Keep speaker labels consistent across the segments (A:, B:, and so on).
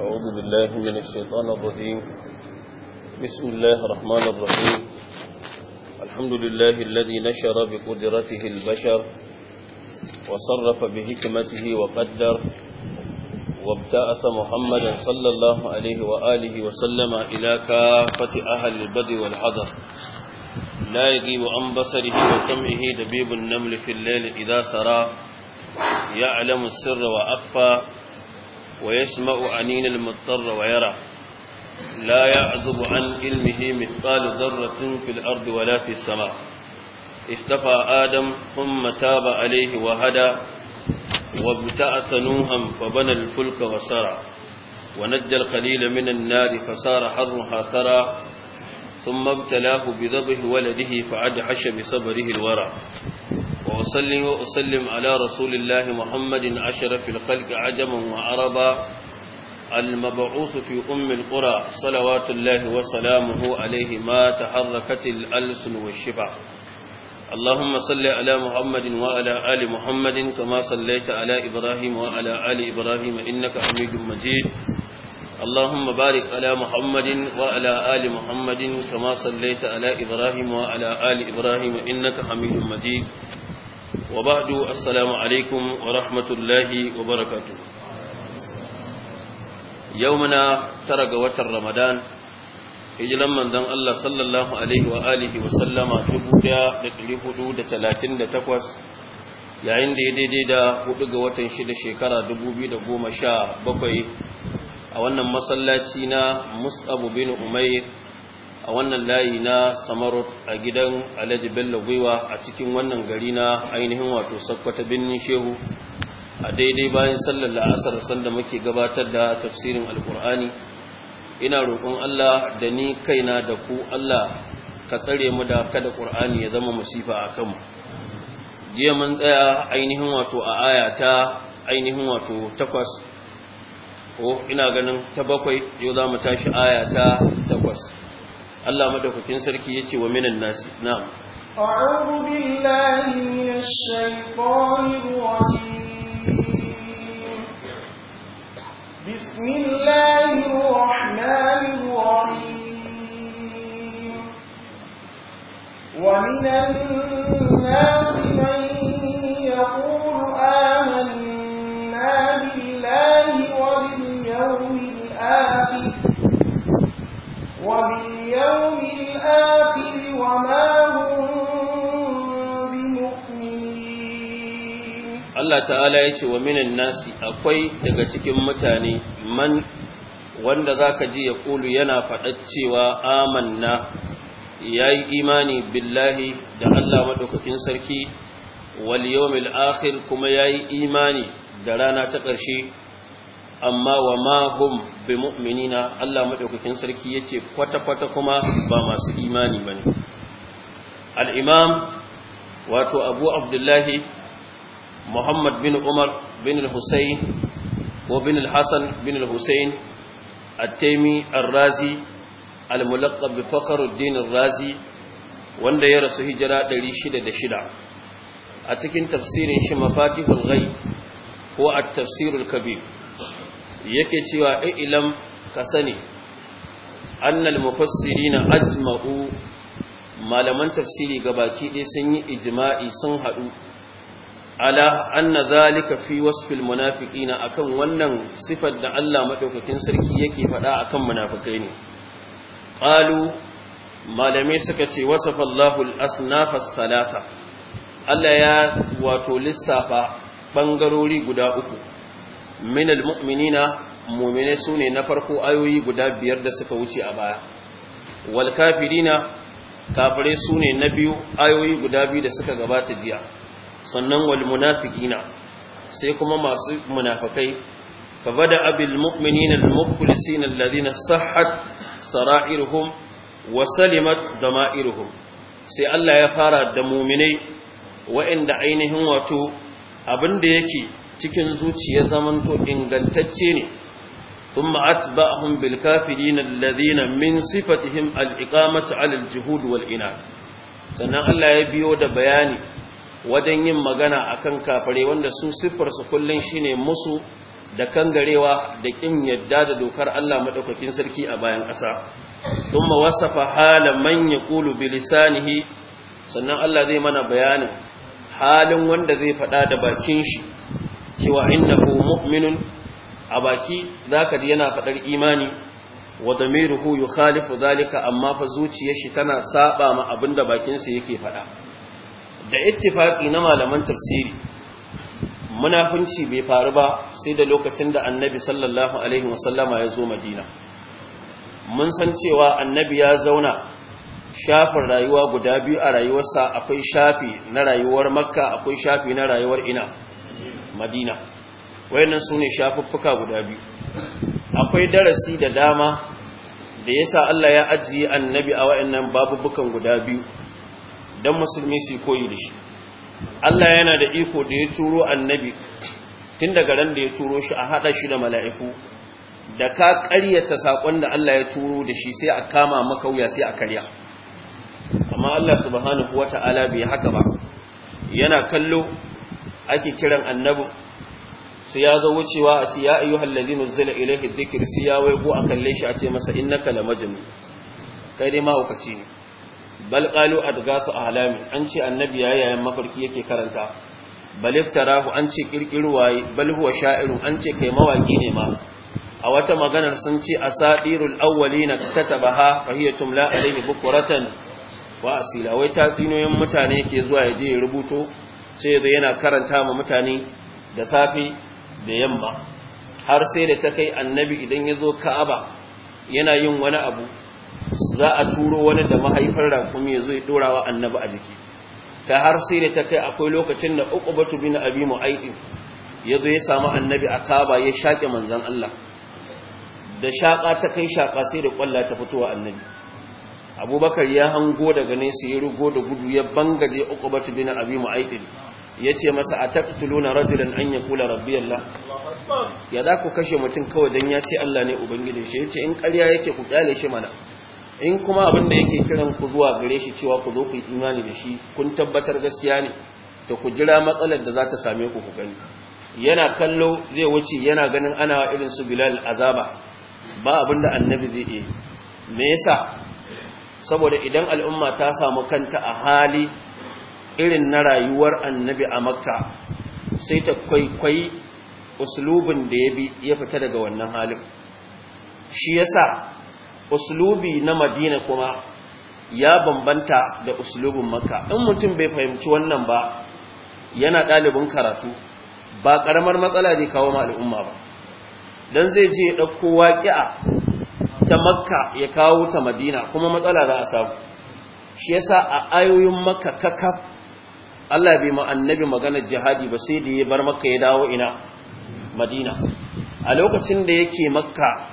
A: أعوذ بالله من الشيطان الرجيم بسم الله الرحمن الرحيم الحمد لله الذي نشر بقدرته البشر وصرف بحكمته وقدر وابتعث محمدا صلى الله عليه وآله وسلم إلى كافة أهل البدء والحضر لا يغيب عن بصره وسمعه دبيب النمل في الليل إذا سرى يعلم السر وأخفى ويسمع أنين المضطر ويرى لا يعذب عن علمه مثقال ذرة في الأرض ولا في السماء استفى آدم ثم تاب عليه وهدى وابتعث نوها فبنى الفلك وسرى ونجى الخليل من النار فصار حرها ثرى ثم ابتلاه بذبه ولده فعد عش بصبره الورى وأصلي وأسلم على رسول الله محمد أشرف الخلق عجما وعربا المبعوث في أم القرى صلوات الله وسلامه عليه ما تحركت الألسن والشفع اللهم صل على محمد وعلى آل محمد كما صليت على إبراهيم وعلى آل إبراهيم إنك حميد مجيد اللهم بارك على محمد وعلى آل محمد كما صليت على إبراهيم وعلى آل إبراهيم إنك حميد مجيد وبعد السلام عليكم ورحمة الله وبركاته يومنا ترق وتر رمضان hijiran manzon Allah sallallahu alaihi wa alihi wa sallama 1438 yayin da ya daidai da huɗu ga watan shida shekara bakwai, a wannan masallaci na mus'abu bin Umair a wannan layi na samarot a gidan alhaji bello gwiwa a cikin wannan gari na ainihin wato sakwata birnin shehu a daidai bayan sallar la'asar sanda muke gabatar da tafsirin alkur'ani ina roƙon allah da ni kaina da ku allah ka tsare mu da kada ƙur'ani ya zama masifa a kanmu jiya mun tsaya ainihin wato a aya ainihin wato takwas ko ina ganin ta bakwai yau za mu tashi ayata takwas Allah madaukakin sarki yace wa minan nasi na'am
B: a'udhu billahi minash shaitanir rajim bismillahir rahmanir
C: rahim wa minan
B: nasi man yaqulu amanna
C: billahi
B: wal yawmil akhir allah
A: ta'ala ya ce wa minin nasi akwai daga cikin mutane تكتكم متاني من wanda za ka ji ya ƙulu yana faɗa cewa amanna ya yi imani billahi da Allah maɗaukakin sarki wal yawmil akhir kuma ya yi imani da rana ta ƙarshe amma wa ma bi mu'minina Allah madaukakin sarki yace kwata kwata kuma ba masu imani bane al-imam wato Abu Abdullahi Muhammad bin Umar bin al-Husayn wa bin al-Hasan bin al-Husayn at-Taymi ar-Razi al-mulaqab bi Fakhruddin ar-Razi wanda ya rasu hijira 606 a cikin tafsirin shi mafatihul ghaib ko at-tafsirul kabir yake cewa ilam ka sani annal mufassirina ajma'u malaman tafsiri baki ɗaya sun yi ijma'i sun haɗu ala anna zalika fi wasfil munafiqina akan wannan sifar da Allah madaukakin sarki yake faɗa akan munafikai ne qalu malamai suka ce wasafa Allahu al-asnaf salasa Allah ya wato lissafa ɓangarori guda uku min almu'minina mu'mine sune na farko ayoyi guda biyar da suka wuce a baya wal kafirina kafire sune na biyu ayoyi guda biyu da suka gabata jiya sannan wal munafiqina sai kuma masu munafikai fa bada abil mu'minina al mukhlisina alladhina sahhat sara'iruhum wa salimat dama'iruhum sai Allah ya fara da mu'minai wa'inda ainihin wato abin da yake cikin zuciya zaman to ingantacce ne ثم أتبعهم بالكافرين الذين من صفتهم الإقامة على الجهود wal'ina. sannan Allah ya biyo da bayani wajen yin magana akan kafare wanda su kullum kullun shine musu da kangarewa da kin yadda da dokar Allah maɗaukakin sarki a bayan ƙasa thumma wasafa halan man yaqulu bi lisanihi sannan Allah zai mana bayanin halin wanda zai faɗa da bakin shi cewa innahu mu'minun a baki zaka ji yana fadar imani wa damiruhu yukhalifu zalika amma fa zuciyar shi tana saba ma abinda bakin sa yake fada da ittifaqi na malaman tafsiri munafunci bai faru ba sai da lokacin da annabi sallallahu alaihi wasallama ya zo madina mun san cewa annabi ya zauna shafin rayuwa guda biyu a rayuwarsa akwai shafi na rayuwar makka akwai shafi na rayuwar ina madina wayannan sune shafuffuka guda biyu akwai darasi da dama da yasa Allah ya ajiye annabi a wayannan babubukan guda biyu dan musulmi su koyi da shi Allah yana da iko da ya turo annabi tun daga ran da ya turo shi a hada shi da mala'iku da ka ƙaryata saƙon da Allah ya turo da shi sai a kama maka wuya sai a karya amma Allah subhanahu wata'ala bai haka ba yana kallo ake kiran annabi Su ya zo wucewa a ce ya ayu hallazi nuzila ilayhi dhikr su ya waigo a kalle shi a ce masa innaka la majnun kai dai mahaukaci ne bal qalu adgasu ahlami an ce annabi ya yayin mafarki yake karanta bal iftarahu an ce kirkirwa bal huwa sha'irun an ce kai mawaki ne ma a wata maganar sun ce asadirul awwalina katabaha fa hiya tumla alayhi bukratan wa asila wai tatsinoyin mutane ke zuwa ya je ya rubuto sai da yana karanta ma mutane da safi da yamma har sai da ta kai annabi idan ya zo ka'aba yana yin wani abu za a turo wani da mahaifar rakumi ya zo ya dora wa annabi a jiki ta har sai da ta kai akwai lokacin da uku batu bin abi mu'ayth ya zo ya samu annabi a ka'aba ya shaƙe manzon Allah da shaƙa ta kai shaƙa sai da kwalla ta fito wa annabi abubakar ya hango daga nesa ya rugo da gudu ya bangaje batu bin abi mu'ayth ya ce masa a taƙtuluna rajulan an yi kula rabbi Allah ya za ku kashe mutum kawai don ya ce Allah ne Ubangijin shi ya ce in ƙarya yake ku ƙyale shi mana in kuma abin da yake kiran ku zuwa gare shi cewa ku zo ku yi imani da shi kun tabbatar gaskiya ne to ku jira matsalar da za ta same ku ku gani yana kallo zai wuce yana ganin ana irin su bilal azaba ba abin annabi zai iya me yasa saboda idan al'umma ta samu kanta a hali irin na rayuwar annabi a makka sai ta kwaikwai uslubin da ya bi ya fita daga wannan halin shi yasa uslubi na madina kuma ya bambanta da uslubin makka in mutum bai fahimci wannan ba yana ɗalibin karatu ba ƙaramar matsala ne kawo ma al'umma ba don zai je ya ɗauko waƙi'a ta makka ya kawo ta madina kuma matsala za a samu shi yasa a ayoyin makka kakaf Allah bai ma annabi maganar jihadi ba sai da ya bar makka ya dawo ina madina a lokacin da yake makka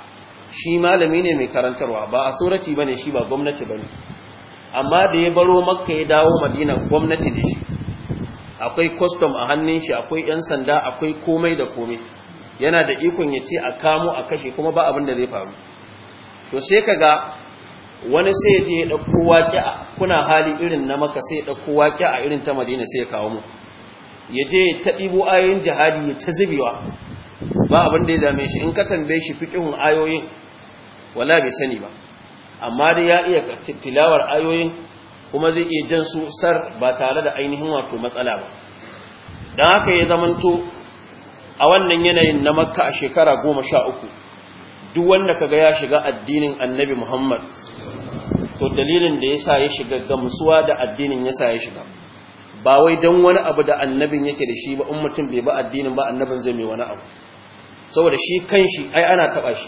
A: shi malami ne mai karantarwa ba a ba bane shi ba gwamnati bane amma da ya baro makka ya dawo madina gwamnati ne shi akwai custom a hannun shi akwai yan sanda akwai komai da komai yana da ikon ya ce a kamo a kashe kuma ba abin da zai faru to sai kaga wani sai ya je ya ɗauko a kuna hali irin na maka sai ya ɗauko a irin ta madina sai ya kawo mu ya je ta ɗibo ayoyin jihadi ya ta zubewa ba abin da ya dame shi in ka tambaye shi fiƙihun ayoyin wala bai sani ba amma dai ya iya tilawar ayoyin kuma zai iya jan su sar ba tare da ainihin wato matsala ba Dan haka ya zamanto a wannan yanayin na makka a shekara goma sha uku duk wanda kaga ya shiga addinin annabi Muhammad to dalilin da yasa ya shiga ga musuwa da addinin yasa ya shiga ba wai don wani abu da annabin yake da shi ba in mutum bai ba addinin ba annabin zai mai wani abu saboda shi kanshi ai ana taba shi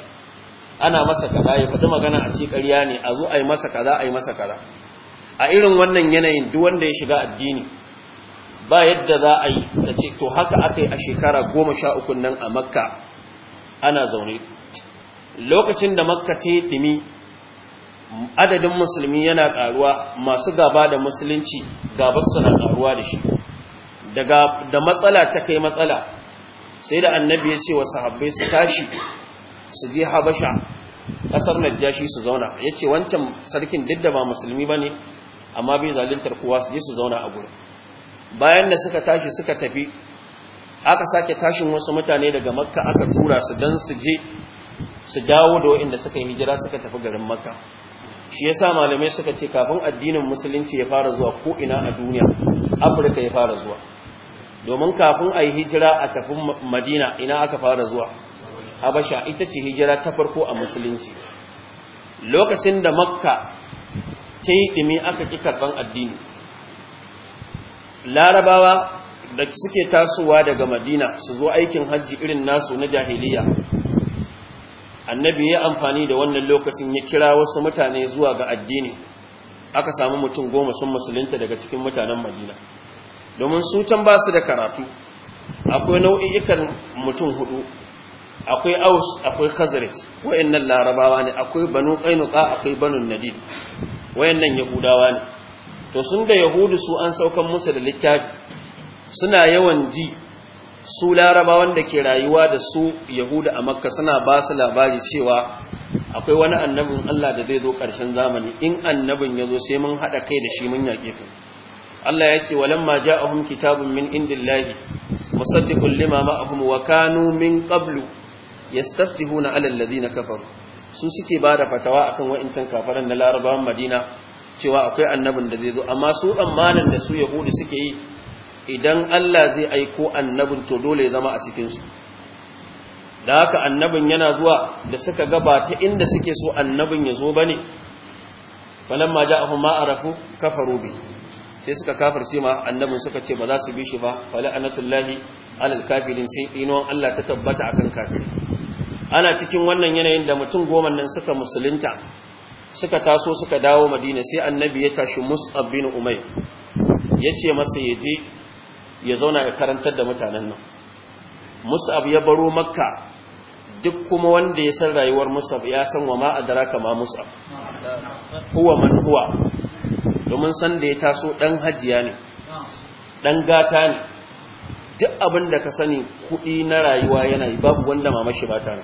A: ana masa kaza ya faɗi magana a ci ƙarya ne a zo a masa kaza a masa kaza a irin wannan yanayin duk wanda ya shiga addini ba yadda za a yi ta ce to haka aka yi a shekara goma sha uku nan a makka ana zaune lokacin da makka ce dimi adadin musulmi yana karuwa masu gaba da musulunci gabar suna karuwa da shi da matsala ta kai matsala sai da annabi ya ce wa sahabbai su tashi su je habasha kasar najashi su zauna ya ce wancan sarkin duk da ba musulmi ba ne amma bai zalintar kowa su je su zauna a gurin bayan da suka tashi suka tafi aka sake tashin wasu mutane daga makka aka tura su don su je su dawo da waɗanda suka yi hijira suka tafi garin makka shi yasa malamai suka ce kafin addinin musulunci ya fara zuwa ko ina a duniya afirka ya fara zuwa domin kafin a yi hijira a tafi madina ina aka fara zuwa habasha ita ce hijira ta farko a musulunci lokacin da makka ta yi ɗumi aka ƙi karɓar addini larabawa da suke tasowa daga madina su zo aikin hajji irin nasu na jahiliya annabi ya amfani da wannan lokacin ya kira wasu mutane zuwa ga addini aka samu mutum goma sun musulunta daga cikin mutanen madina domin su can ba su da karatu akwai nau'i'ikan mutum hudu akwai aus akwai khazraj wayannan larabawa ne akwai banu qainuqa akwai banu nadir wayannan yahudawa ne to sun da yahudu su an saukan musu da littafi suna yawan ji su larabawan da ke rayuwa da su yahuda a makka suna ba su labari cewa akwai wani annabin Allah da zai zo ƙarshen zamani in annabin ya zo sai mun haɗa kai da shi mun yaƙe ku Allah ya ce walamma ja'ahum kitabun min indillahi musaddiqun lima ma'ahum wa kanu min qablu yastaftihuna 'ala alladhina kafaru su suke ba da fatawa akan wa'incan kafaran na larabawan Madina cewa akwai annabin da zai zo amma su amanan da su Yahudi suke yi idan Allah zai aiko annabin to dole ya zama a cikinsu da haka annabin yana zuwa da suka ta inda suke so annabin ya zo ba ne falamma ja'ahu ma arafu kafaru bi sai suka sai ma annabin suka ce ba za su bi shi ba fala'anatullahi alal kafirin sai inuwan Allah ta tabbata akan kafiri ana cikin wannan yanayin da mutum goma nan suka musulunta suka taso suka dawo Madina sai annabi ya tashi Mus'ab bin ya ce masa ya yaje ya zauna ya karantar da mutanen nan musab ya baro makka duk kuma wanda ya san rayuwar musab ya san wa ma adraka ma musab huwa man huwa domin san da ya taso dan hajiya ne dan gata ne duk abin da ka sani kuɗi na rayuwa yana yi babu wanda mamashi ba ta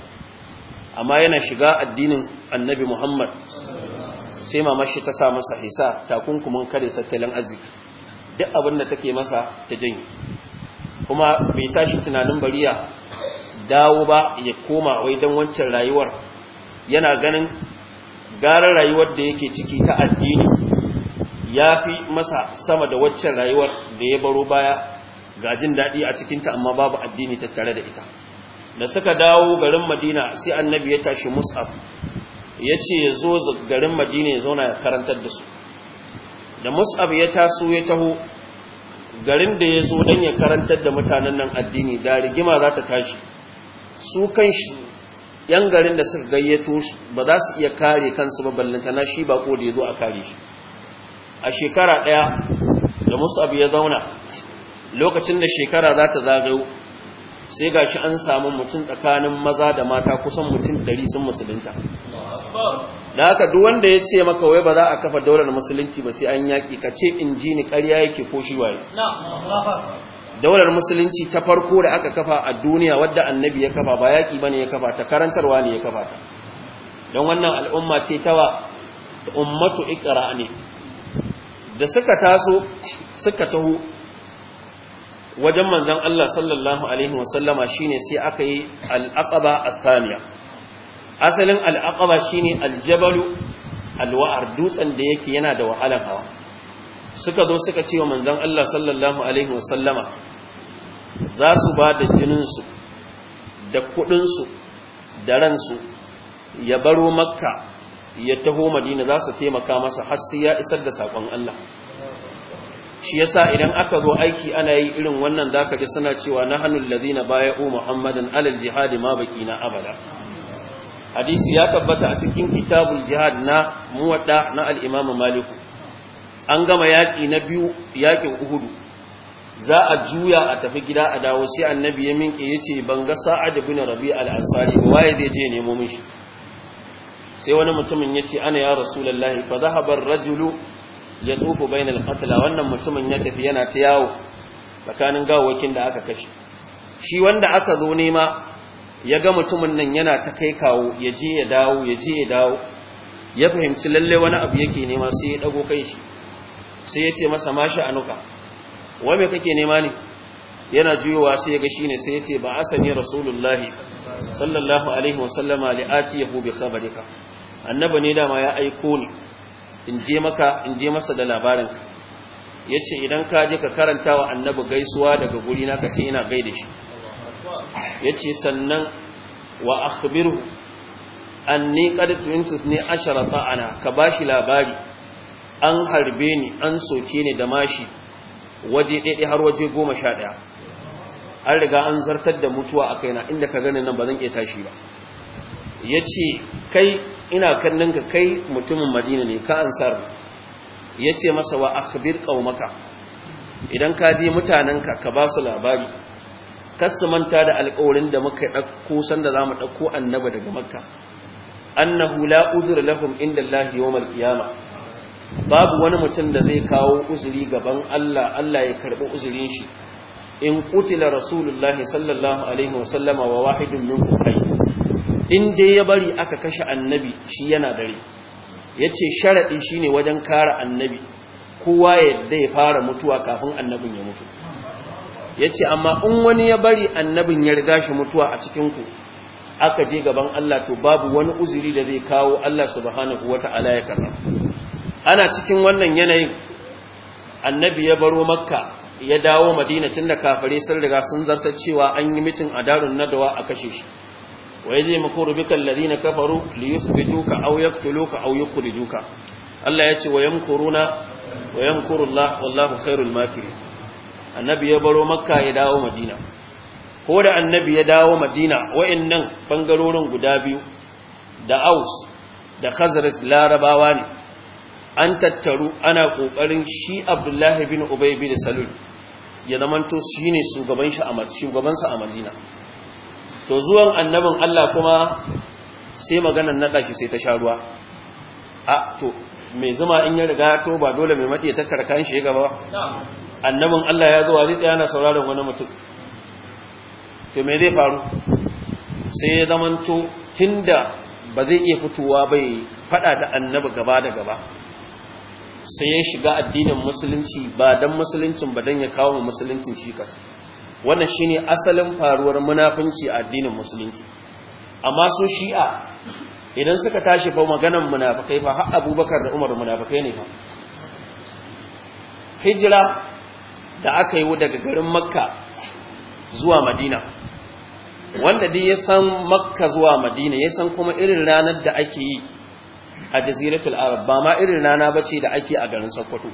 A: amma yana shiga addinin annabi muhammad sai mamashi ta sa masa isa takunkumin kare tattalin arziki duk abin da take masa ta janyi kuma bai sa shi tunanin bariya dawo ba ya koma wai don wancan rayuwar yana ganin gara rayuwar da yake ciki ta addini ya fi masa sama da waccan rayuwar da ya baro baya ga jin daɗi a cikinta amma babu addini ta tare da ita da suka dawo garin madina sai annabi ya tashi mus'ab ya ce ya zo garin madina ya zauna ya karantar da su da mus'ab ya taso ya taho garin da ya zo don ya karantar da mutanen nan addini da rigima za ta tashi su kan shi yan garin da suka gayyato shi ba za su iya kare kansu ba na shi bako da ya zo a kare shi a shekara ɗaya da mus'ab ya zauna lokacin da shekara za ta zagayo sai gashi an samu mutum tsakanin maza da mata kusan mutum ɗari sun musulunta da haka duk wanda ya ce maka wai ba za a kafa daular musulunci ba sai an yaƙi ka ce in ji ni ƙarya yake ko shi waye daular musulunci ta farko da aka kafa a duniya wadda annabi ya kafa ba yaƙi bane ya kafa ta karantarwa ne ya kafa ta don wannan al'umma ce ta wa ummatu iqra ne da suka taso suka taho wajen manzon Allah sallallahu alaihi wasallama shine sai aka yi al-aqaba as-saniya asalin shi ne aljabalu alwa'ar dutsen da yake yana da wahalar hawa suka zo suka ce wa manzon Allah sallallahu alaihi wasallama za su ba da jininsu, da kuɗinsu, da ransu ya baro makka ya taho madina za su taimaka masa har sai ya isar da saƙon Allah shi yasa idan aka zo aiki ana yi irin wannan ka ji suna cewa na hannun ladina baya'u muhammadan alal jihadi ma na abada hadisi ya tabbata a cikin kitabul jihad na muwadda na al imam maliku an gama yaƙi na biyu yaƙin uhudu za a juya a tafi gida a dawo sai annabi ya minke ya ce ban ga sa'ad bin rabi al-ansari ba waye zai je nemo min shi sai wani mutumin yace ana ya rasulullahi fa dhahaba ar-rajulu yatufu bayna al qatla wannan mutumin ya tafi yana ta yawo tsakanin gawokin da aka kashe shi wanda aka zo nema ya ga mutumin nan yana ta kai kawo ya je ya dawo ya je ya dawo ya fahimci lalle wani abu yake nema sai ya dago kai shi sai ya ce masa mashi anuka wa me kake nema ne yana juyowa sai ya ga ne, sai ya ce ba asani rasulullahi sallallahu alaihi wa sallama li atiyahu bi khabarika annaba ne dama ya aiko ni in je maka in je masa da labarin yace idan ka je ka karanta wa annabi gaisuwa daga guri na ka ce ina gaida shi yace sannan wa an ni qad tuntus ne ashara ta'ana ka ba shi labari an harbe ni an soke ni da mashi waje ɗaiɗe har waje goma sha ɗaya an riga an zartar da mutuwa a kaina inda ka gani nan ba zan iya tashi ba ya ce kai ina kannin ka kai mutumin madina ne ka ansar ya ce masa wa akhbir qaumaka idan ka di mutanenka ka ba su labari kasu manta da alkawarin da muka ɗauko sanda za mu ɗauko annaba daga makka annahu la uzur lahum inda Allah yawmal qiyama babu wani mutum da zai kawo uzuri gaban Allah Allah ya karɓi uzurin shi in qutila rasulullahi sallallahu alaihi wa wa wahidun minkum in dai ya bari aka kashe annabi shi yana dare Ya yace shi shine wajen kara annabi kowa yadda ya fara mutuwa kafin annabin ya mutu ya ce amma in wani ya bari annabin ya riga shi mutuwa a cikinku aka je gaban Allah to babu wani uzuri da zai kawo Allah subhanahu wa ta'ala ya karra ana cikin wannan yanayin annabi ya baro makka ya dawo madina tun da kafare sun riga sun zarta cewa an yi mitin a darun nadawa a kashe shi wa zai makuru bikal ladina kafaru li yusbituka aw yaqtuluka aw yukhrijuka Allah ya ce wa yamkuruna wa yamkuru Allah wallahu khairul makirin annabi ya baro makka ya dawo madina ko da annabi ya dawo madina wa'annan bangarorin guda biyu da aus da khazraj larabawa ne an tattaru ana kokarin shi abdullahi bin ubay bin salul ya zamanto shine shugaban shi a shugaban a madina to zuwan annabin Allah kuma sai maganar na shi sai ta sha ruwa a to mai zuma in ya riga to ba dole mai matsayi tattara kan shi gaba ba annabin Allah ya zuwa zai tsaya na sauraron wani mutum to me zai faru sai ya zamanto tunda ba zai iya fitowa bai fada da annabi gaba da gaba sai ya shiga addinin musulunci ba dan musuluncin ba dan ya kawo musuluncin shi kasu wannan shine asalin faruwar munafunci a addinin musulunci amma su shi'a idan suka tashi fa maganan munafikai fa har abubakar da umar munafikai ne fa hijira da aka yi daga garin makka zuwa madina wanda dai ya san makka zuwa madina ya san kuma irin ranar da ake yi a jaziratul arab ba ma irin rana ba ce da ake a garin sokoto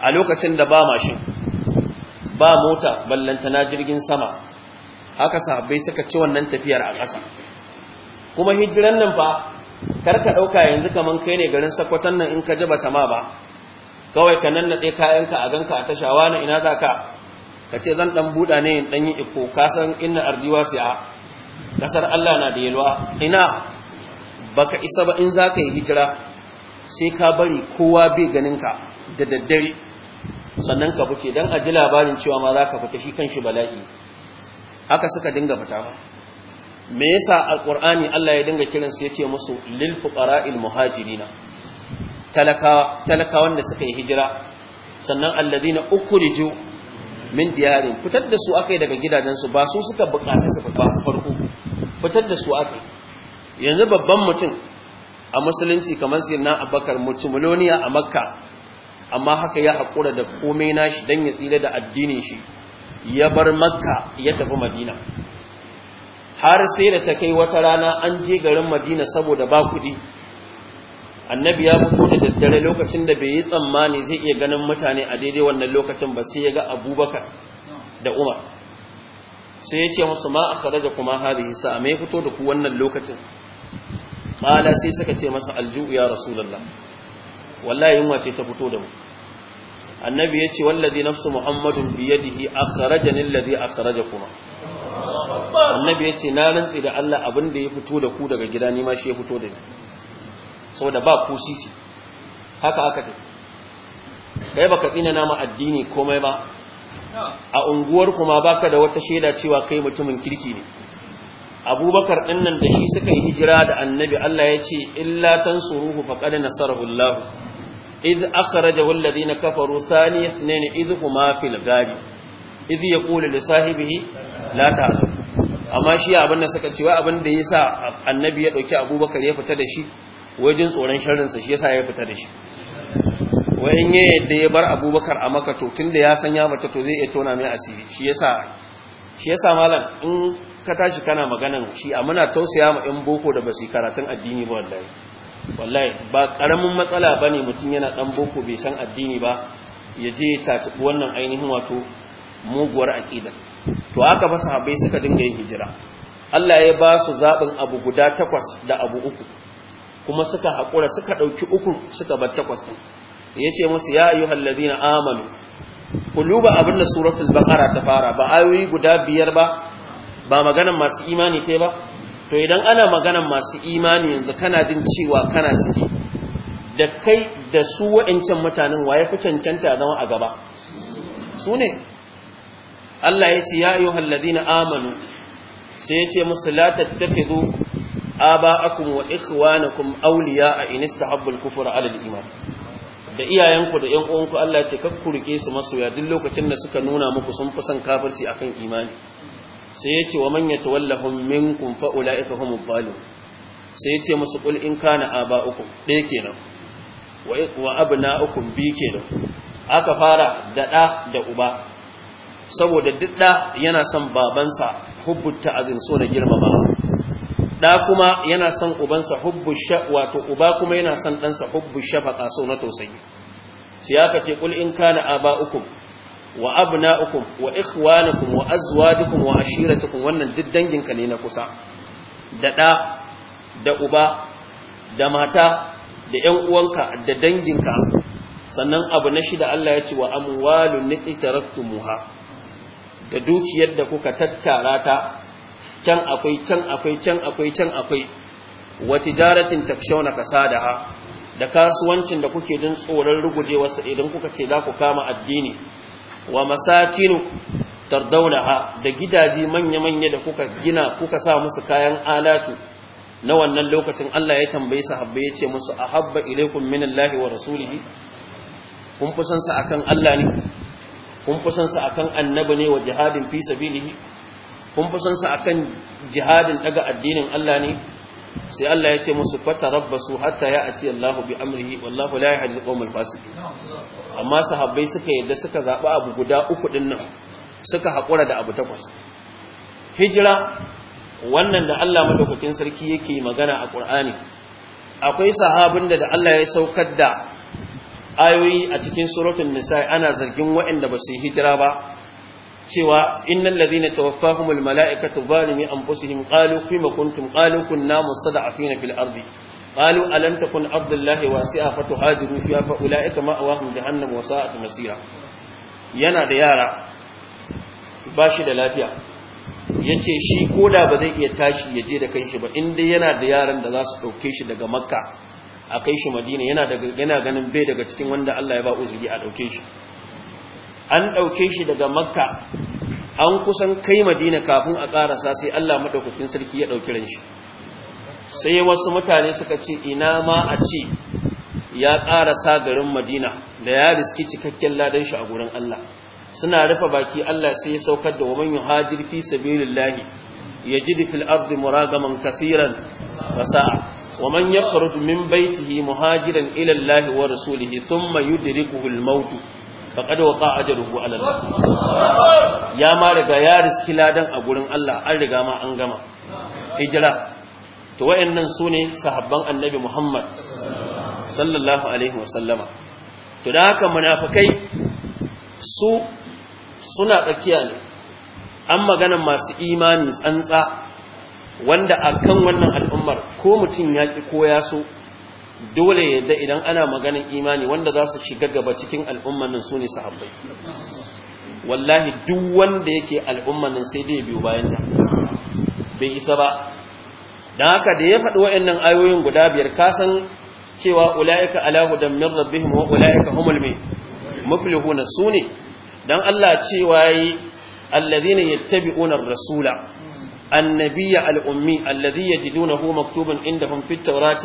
A: a lokacin da ba mashin ba mota ballantana jirgin sama haka sahabbai suka ci wannan tafiyar a ƙasa kuma hijiran nan fa karka ɗauka yanzu kaman kai ne garin sakwaton nan in ka jaba ta ma ba kawai ka nannaɗe kayanka a ganka a wa na ina za ka ka ce zan ɗan buɗa ne ɗan yi iko ka san ina su ya? ƙasar Allah na da yalwa ina baka isa ba in za ka yi hijira sai ka bari kowa bai ganinka da daddare sannan ka fice don a ji labarin cewa ma za ka fita shi kanshi bala'i haka suka dinga fita ba me yasa alƙur'ani Allah ya dinga kiransu ya ce musu lil fuqara'il muhajirina talakawa talakawan da suka yi hijira sannan uku riju min diyarin fitar da su akai daga gidajensu ba su suka bukata su ba farko fitar da su akai yanzu babban mutum a musulunci kamar na abakar mutumuloniya a makka amma haka ya haƙura da komai nashi don ya tsira da addinin shi ya bar makka ya tafi madina har sai da ta kai wata rana an je garin madina saboda ba kuɗi annabi ya fito da daddare lokacin da bai yi tsammani zai iya ganin mutane a daidai wannan lokacin ba sai ya ga abubakar da umar sai ya ce musu ma a da kuma hadhihi sa'a me fito da ku wannan lokacin qala sai suka ce masa alju'u ya lalla, wallahi yunwa ce ta fito da mu annabi ya ce wallazi nafsu muhammadun biyadihi akhrajani da kuma annabi ya ce na rantsi da Allah abin da ya fito da ku daga gida ni ma shi ya fito da ni saboda ba ku sisi haka haka ce. kai baka tsina nama addini komai ba a unguwar kuma baka da wata shaida cewa kai mutumin kirki ne abubakar ɗinnan nan da shi suka yi hijira da annabi Allah ya ce illa tansuruhu faqad nasarahu Allah iz akhrajahu alladhina kafaru thani ithnain iz huma fil gari iz yaqulu li sahibihi la ta'lam amma shi abin da suka ce wa abin da yasa annabi ya dauki abubakar ya fita da shi wajen tsoron sharrinsa shi yasa ya fita da shi wayan ya yadda ya bar abubakar a maka to tun ya san mata to zai iya tona mai asiri shi yasa shi yasa malam in ka tashi kana maganan shi a muna tausaya ma yan boko da basu karatun addini ba wallahi wallahi ba karamin matsala bane mutum yana dan boko bai san addini ba ya je ta wannan ainihin wato muguwar aqida to haka fasa sahabbai suka dinga yin hijira Allah ya ba su zaɓin abu guda takwas da abu uku kuma suka haƙura suka ɗauki uku suka bar takwas ɗin ya ce musu ya ayyuha amanu kuluba abin da suratul bakara ta fara ba ayoyi guda biyar ba ba maganan masu imani ke ba to idan ana maganan masu imani yanzu kana din cewa kana ciki da kai da su waɗancan mutanen waye fi cancanta zama a gaba su ne Allah ya ce ya hallazi na amanu sai ya ce musu la tattakhidhu aba'akum wa ikhwanakum awliya in istahabbu al-kufra 'ala al-iman da iyayenku da yan uwanku Allah ya ce kar ku rike su masoya duk lokacin da suka nuna muku sun fi son kafirci akan imani sai ya ce wa man yatawallahum minkum fa ulaika humul zalimun sai ya ce musu qul in kana aba'ukum ɗaya kenan wa abna'ukum bi kenan aka fara da ɗa da uba saboda duk ɗa yana son babansa hubbut ta'azin so na girmama da kuma yana son ubansa hubbu wato uba kuma yana son ɗansa hubbu shafaka sau na tausayi sai aka ce kul in kana aba'ukum wa abna'ukum wa ikhwanukum wa azwajukum wa ashiratukum wannan duk danginka ne na kusa da ɗa da uba da mata da ƴan uwanka da danginka sannan abu na shida Allah ya ce wa amwalun nitaraktumuha da dukiyar da kuka tattara ta can akwai can akwai can akwai can akwai daratin tijaratin na kasa da kasuwancin da kuke don tsoron wasu idan kuka ce za ku kama addini wa masakinu ha da gidaje manya-manya da kuka gina kuka sa musu kayan alatu na wannan lokacin Allah ya tambaye Habba ya ce musu 'A habba ilaikum lahi wa rasulihi kun fusansa a kan Allah ne kun fusansa a kan annaba annabi ne wa jihadin fi sabilihi kun fi sa akan jihadin daga addinin Allah ne sai Allah ya ce musu fatarabbasu hatta ya ati Allahu bi amrihi wallahu la yahdi qawmal fasiqin amma sahabbai suka yadda suka zaba abu guda uku din nan suka hakura da abu takwas hijira wannan da Allah madaukakin sarki yake magana a Qur'ani akwai sahabin da da Allah ya saukar da ayoyi a cikin suratul nisa ana zargin waɗanda ba su hijira ba cewa innal ladhina tawaffahumul mala'ikatu zalimi anfusihim qalu fima kuntum qalu a mustada'afina fil ardi قالوا ألم تكن أرض الله واسعة فتهاجروا فيها فأولئك wasa a ta مسيرا yana da yara shi da lafiya yace shi ko da ba zai iya tashi ya je da shi ba inda yana da yaran da za su dauke shi daga makka a kai shi madina yana yana ganin bai daga cikin wanda Allah ya ba uzuri a dauke shi an ɗauke shi daga makka an kusan kai madina kafin a ƙarasa sai allah maɗaukakin sarki ya ɗauki ran shi sai wasu mutane suka ce ina ma a ce ya ƙarasa garin madina da ya riski cikakken ladan shi a gurin allah suna rufe baki allah sai ya saukar da waman yi fi sabilillahi ya ji fil ardi muragaman kasiran wasa'a ومن يخرج muhajiran بيته مهاجرا wa rasulihi thumma yudrikuhu al الموت faqad waqa ajruhu ala Allah ya ma riga ya riski ladan a gurin Allah an riga ma an gama hijira to wayannan sune sahabban annabi Muhammad sallallahu alaihi wa sallama. to da haka munafikai su suna tsakiya ne an magana masu imani tsantsa wanda akan wannan al'ummar ko mutum ya ki ko ya so dole yadda idan ana maganin imani wanda za su shiga gaba cikin al'ummanin su ne sahabbai wallahi duk wanda yake al'ummanin sai dai biyu bayan ta bai isa ba don haka da ya faɗi wa'annan ayoyin guda biyar kasan cewa ula'ika ala hudan min rabbihim wa ula'ika humul muflihuna su ne don Allah cewa yi allazina yattabi'una unar rasula النبي الأمي الذي يجدونه مكتوبا عندهم في التوراة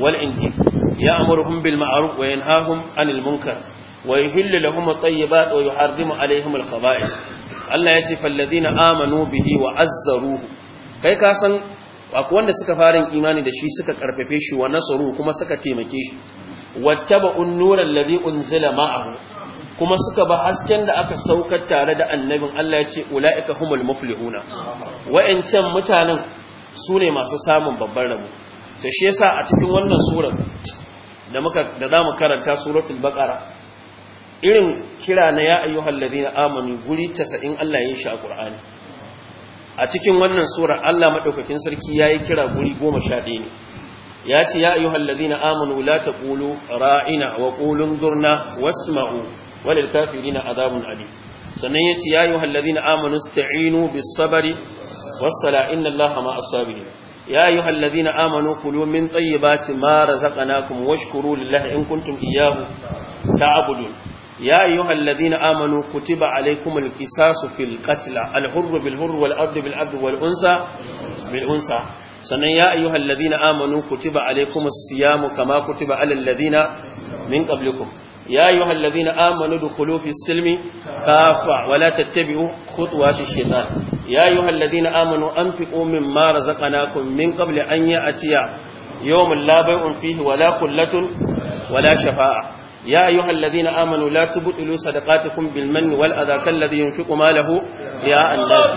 A: والإنجيل يأمرهم بالمعروف وينهاهم عن المنكر ويهل لهم الطيبات ويحرم عليهم الخبائث الله يجي فالذين آمنوا به وعزروه kai ka san akwai wanda suka farin imani da shi suka karfafe shi wa nasaru kuma suka taimake shi wattaba un-nura allazi unzila ma'ahu kuma suka ba hasken da aka saukar tare da annabin Allah ya ce ula'ika humul muflihuna wa'ancan mutanen su ne masu samun babban rabo to shi yasa a cikin wannan surar da muka da karanta suratul baqara irin kira na ya ayyuhal ladina amanu guri 90 Allah ya shi a Qur'ani a cikin wannan sura Allah madaukakin sarki yayi kira guri 11 ne ya ce ya ayyuhal ladina amanu la taqulu ra'ina wa qulu zurna wasma'u walil kafirina azabun ali sannan yace ya ayyuhal ladina amanu ista'inu bis sabri was sala inna allaha ma'as sabirin ya ayyuhal ladina amanu kulu min tayyibati ma razaqnakum washkuru lillahi in kuntum iyyahu ta'budun ya ayyuhal ladina amanu kutiba alaykumul qisasu fil qatl al wal abd bil abd wal unsa bil unsa sannan ya ayyuha alladhina amanu kutiba alaykumus kama kutiba alal min qablikum يا أيها الذين آمنوا دخلوا في السلم كافة ولا تتبعوا خطوات الشيطان يا أيها الذين آمنوا أنفقوا مما رزقناكم من قبل أن يأتي يوم لا بيع فيه ولا خلة ولا شفاعة يا أيها الذين آمنوا لا تبطلوا صدقاتكم بالمن والأذى كالذي ينفق ماله يا الناس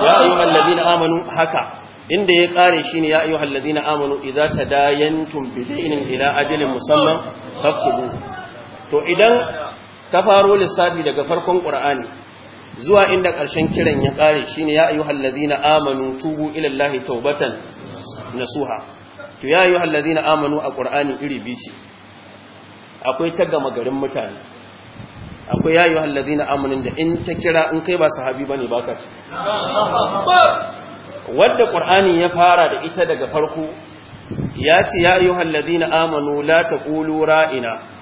A: يا أيها الذين آمنوا حكى inda ya kare shi ne ya ayyuhal ladina amanu idza tadayantum bidaynin ila ajalin musamman faktubu to idan ta faro lissafi daga farkon ƙura'ani zuwa inda ƙarshen kiran ya ƙare shine ya hallazi na amanu tubu ilallahi ta'ubatan, na nasuha to ya hallazi na amanu a ƙura'ani iri bici akwai ta gama garin mutane akwai ya hallazi na amanu da in ta kira in kai ba sahabi ne baka ci wadda ƙura'ani ya fara da ita daga farko ya ce ya hallazi na amanu la taqulu ra'ina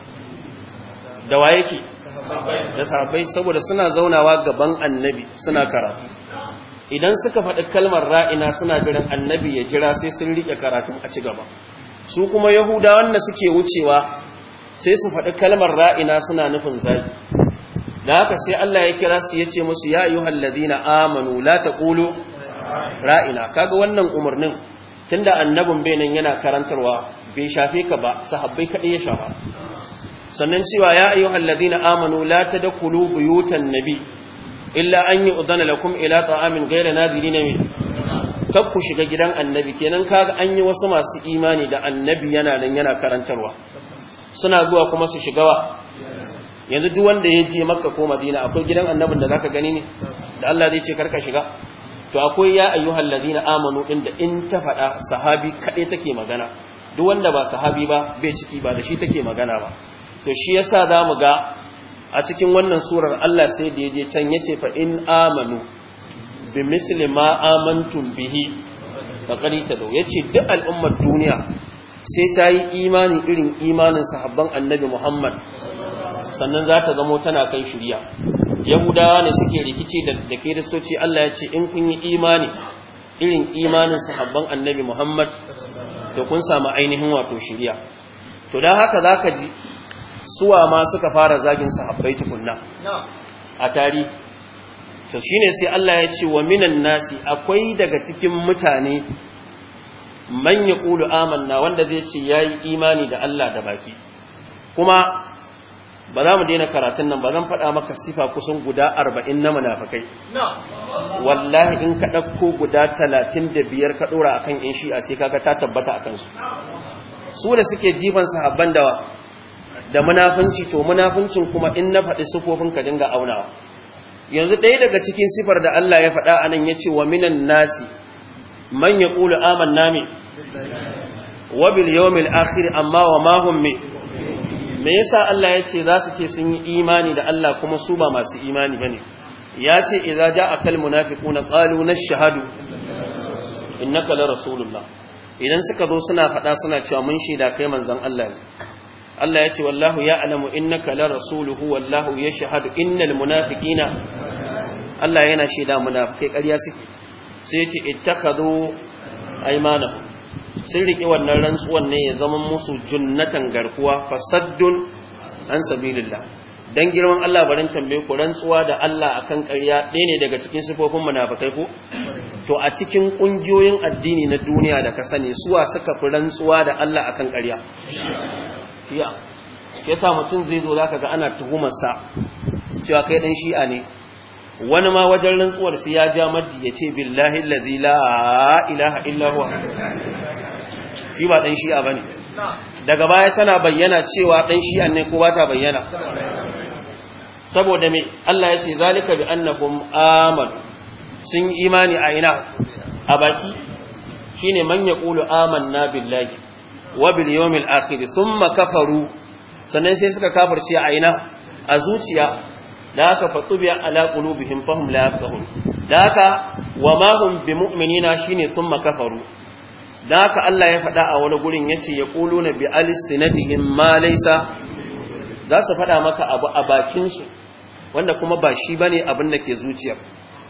A: da waye yake da sahabbai saboda suna zaunawa gaban annabi suna karatu idan suka faɗi kalmar ra'ina suna birin annabi ya jira sai sun riƙe karatun a ci gaba su kuma yahudawan da suke wucewa sai su faɗi kalmar ra'ina suna nufin zagi da haka sai Allah ya kira su ya ce musu ya yi halladina amanu la ta ƙulo ra'ina kaga wannan umarnin tunda annabin benin yana karantarwa bai shafe ka ba sahabbai kaɗai ya shafa sannan cewa ya ayyuhal ladina amanu la tadkhulu buyutan nabi illa an yu'dana lakum ila ta'amin ghayra nadirin min kab ku shiga gidan annabi kenan kaga an yi wasu masu imani da annabi yana nan yana karantarwa suna zuwa kuma su shiga wa yanzu duk wanda ya je makka ko madina akwai gidan annabin da zaka gani ne da Allah zai ce karka shiga to akwai ya ayyuhal ladina amanu ɗin da in ta faɗa sahabi kaɗai take magana duk wanda ba sahabi ba bai ciki ba da shi take magana ba to shi yasa za mu ga a cikin wannan surar Allah sai da yaje can yace fa in amanu bi misli ma amantum bihi ta tadaw yace duk al'ummar duniya sai ta yi imani irin imanin sahabban annabi Muhammad sannan za ta zamo tana kai shirya yahudawa ne suke rikici da da soci Allah ya ce in kun yi imani irin imanin sahabban annabi Muhammad da kun samu ainihin wato shirya to dan haka zaka ji suwa ma suka fara zagin sahabbai tukunna a ta to ne sai Allah ya ce wa minan nasi akwai daga cikin mutane manya ƙulu amanna wanda zai ce ya yi imani da Allah da baki kuma ba za mu daina karatun nan ba zan faɗa maka sifa kusan guda arba'in na munafakai
C: wallahi
A: in ka ɗauko guda talatin da biyar ka ɗora a kan in shi'a sai kaga ta tabbata a kansu su da suke jifan sahabban dawa da munafunci to munafuncin kuma in na faɗi sifofin ka dinga aunawa yanzu ɗaya daga cikin sifar da Allah ya faɗa anan yace wa minan nasi man yaqulu amanna bi wa bil yawmil akhir amma wa ma hum me yasa Allah yace za su ce sun yi imani da Allah kuma su ba masu imani bane yace idza ja'a kal munafiquna qalu nashhadu innaka la rasulullah idan suka zo suna faɗa suna cewa mun shaida kai manzon Allah ne Allah ya ce wallahu ya ya'lamu innaka la rasuluhu wallahu ya shahadu innal munafiqina Allah yana shaida munafikai ƙarya suke sai ya ce ittakhadhu aymana sun rike wannan rantsuwan ne ya zama musu junnatan garkuwa fasaddun an sabilillah dan girman Allah barin tambaye ku rantsuwa da Allah akan ƙarya ɗaya ne daga cikin sifofin munafikai ko to a cikin ƙungiyoyin addini na duniya da ka sani suwa suka fi rantsuwa da Allah akan ƙarya tafiya yasa mutum zai zo za ka ga ana tuhumarsa cewa kai dan shi'a ne wani ma wajen rantsuwar su ya ja maddi ya ce billahi lazi la ilaha shi ba dan shi'a ba ne. daga baya tana bayyana cewa dan shi'a ne ko ba ta bayyana saboda mai Allah ya ce zalika bi annahum amanu sun imani a ina a baki shine man yaqulu amanna billahi wa bil yawmil akhir thumma kafaru sannan sai suka kafirce a ina a zuciya da haka fatubiya ala qulubihim fahum la yafqahun da aka wa ma hum bimu'minina shine thumma kafaru da aka Allah ya faɗa a wani gurin yace quluna bi alsinatihim ma laysa za su faɗa maka abu a bakin su wanda kuma ba shi bane abin da ke zuciyar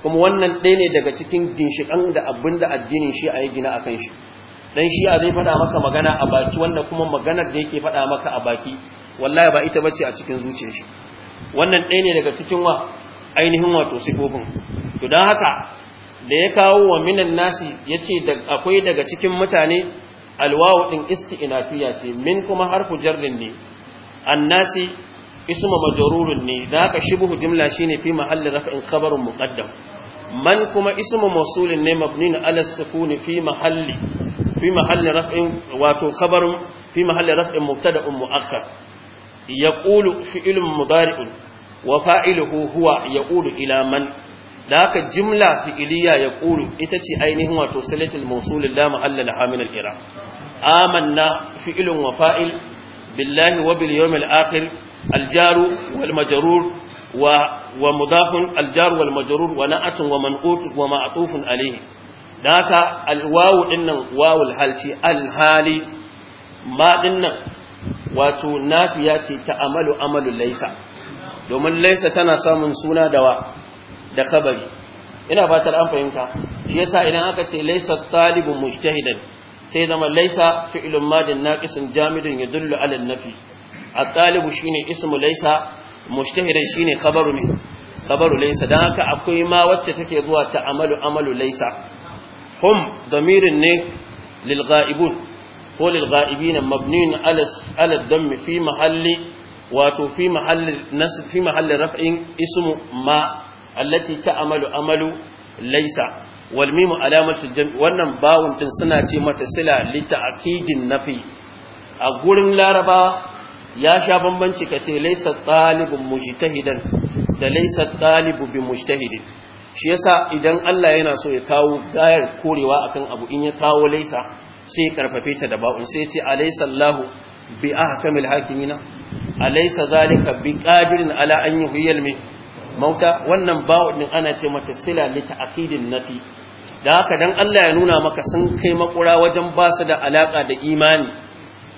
A: kuma wannan ɗaya ne daga cikin ginshiƙan da abinda addinin shi a yi gina a kan shi dan shi'a zai faɗa maka magana a baki wanda kuma maganar da yake faɗa maka a baki wallahi ba ita bace a cikin zuciyar shi wannan ɗaya ne daga cikin wa ainihin wato sifofin to dan haka da ya kawo wa minan nasi yace akwai daga cikin mutane alwawu din isti'nafiya ce min kuma harfu jarrin ne annasi ismu majrurun ne da haka shibhu jumla shine fi mahalli raf'in khabarun muqaddam man kuma ismu mawsulin ne mabnin ala sukuni fi mahalli fi mahalli raf'in wato khabarun fi mahalli raf'in mubtada'un mu'akhkhar yaqulu fi'lun mudari'un wa fa'iluhu huwa yaqulu ila man da haka jimla fi'iliya ya ita ce ainihin wato salatul mausulin la mahalla ira amanna fi'ilun wa billahi wa bil yawm al-akhir al-jaru wa wa wa na'atun wa manqut wa da alwawu dinnan nan wawul halci alhali ma dinnan wato nafiya ce ta amalu amalu laisa domin laisa tana samun suna dawa da kabari ina fatar an fahimta shi yasa idan aka ce laisa talibun mujtahidan sai zama laisa fi'lun madin naqisun jamidun yadullu ala nafi at-talibu shine ismu laisa mujtahidan shine khabaru min khabaru laisa dan haka akwai ma wacce take zuwa ta amalu amalu laisa hum damirin ne lilga'ibun ko lilga'ibina mabnin ala dammi fi mahalli fi mahalli nasb fi mahalli raf'in ismu ma allati ta'malu amalu laysa wal mim alamatu jam' wannan bawun din suna ce mata sila li ta'kidin nafi a gurin laraba ya sha bambanci kace laysa talibun mujtahidan da laysa talibu bi mujtahidin shi yasa idan Allah yana so ya kawo gayar korewa akan abu in ya kawo laisa sai karfafe ta da ba'un sai ce alaysa Allahu bi ahkamil hakimina alaysa zalika bi qadirin ala an yuhyil mauta wannan ba'un din ana ce mata sila li ta'qidin nafi da haka dan Allah ya nuna maka sun kai makura wajen ba su da alaka da imani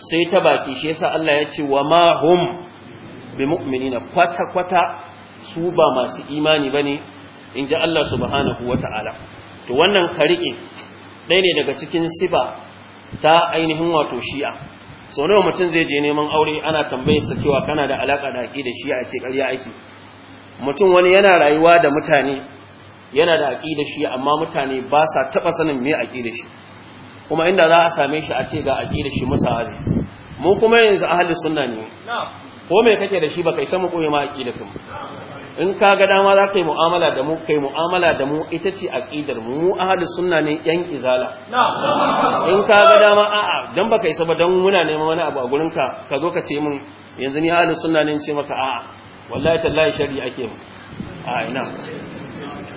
A: sai ta baki shi yasa Allah ya ce wa ma hum bi mu'minina kwata kwata su ba masu imani bane in ji Allah subhanahu wa ta'ala to wannan kariƙe ɗaya ne daga cikin siba ta ainihin wato shi'a sau nawa mutum zai je neman aure ana tambayarsa cewa kana da alaƙa da aƙi da shi'a ce ƙarya aiki mutum wani yana rayuwa da mutane yana da aƙi da shi amma mutane ba sa taɓa sanin me aƙi da shi kuma inda za a same shi a ce ga aƙi da shi musa hazi mu kuma yanzu ahalin sunna ne ko me kake da shi baka isa mu koyi ma aƙi da kuma in ka ga dama za ka yi mu'amala da mu kai mu'amala da mu ita ce aqidar mu mu ahlus sunna ne yan izala
C: in ka ga dama a'a
A: dan baka isa ba dan muna neman wani abu a gurin ka ka zo ka ce min yanzu ni ahlus sunna ne in ce maka a'a wallahi tallahi shari'a ake mu a ina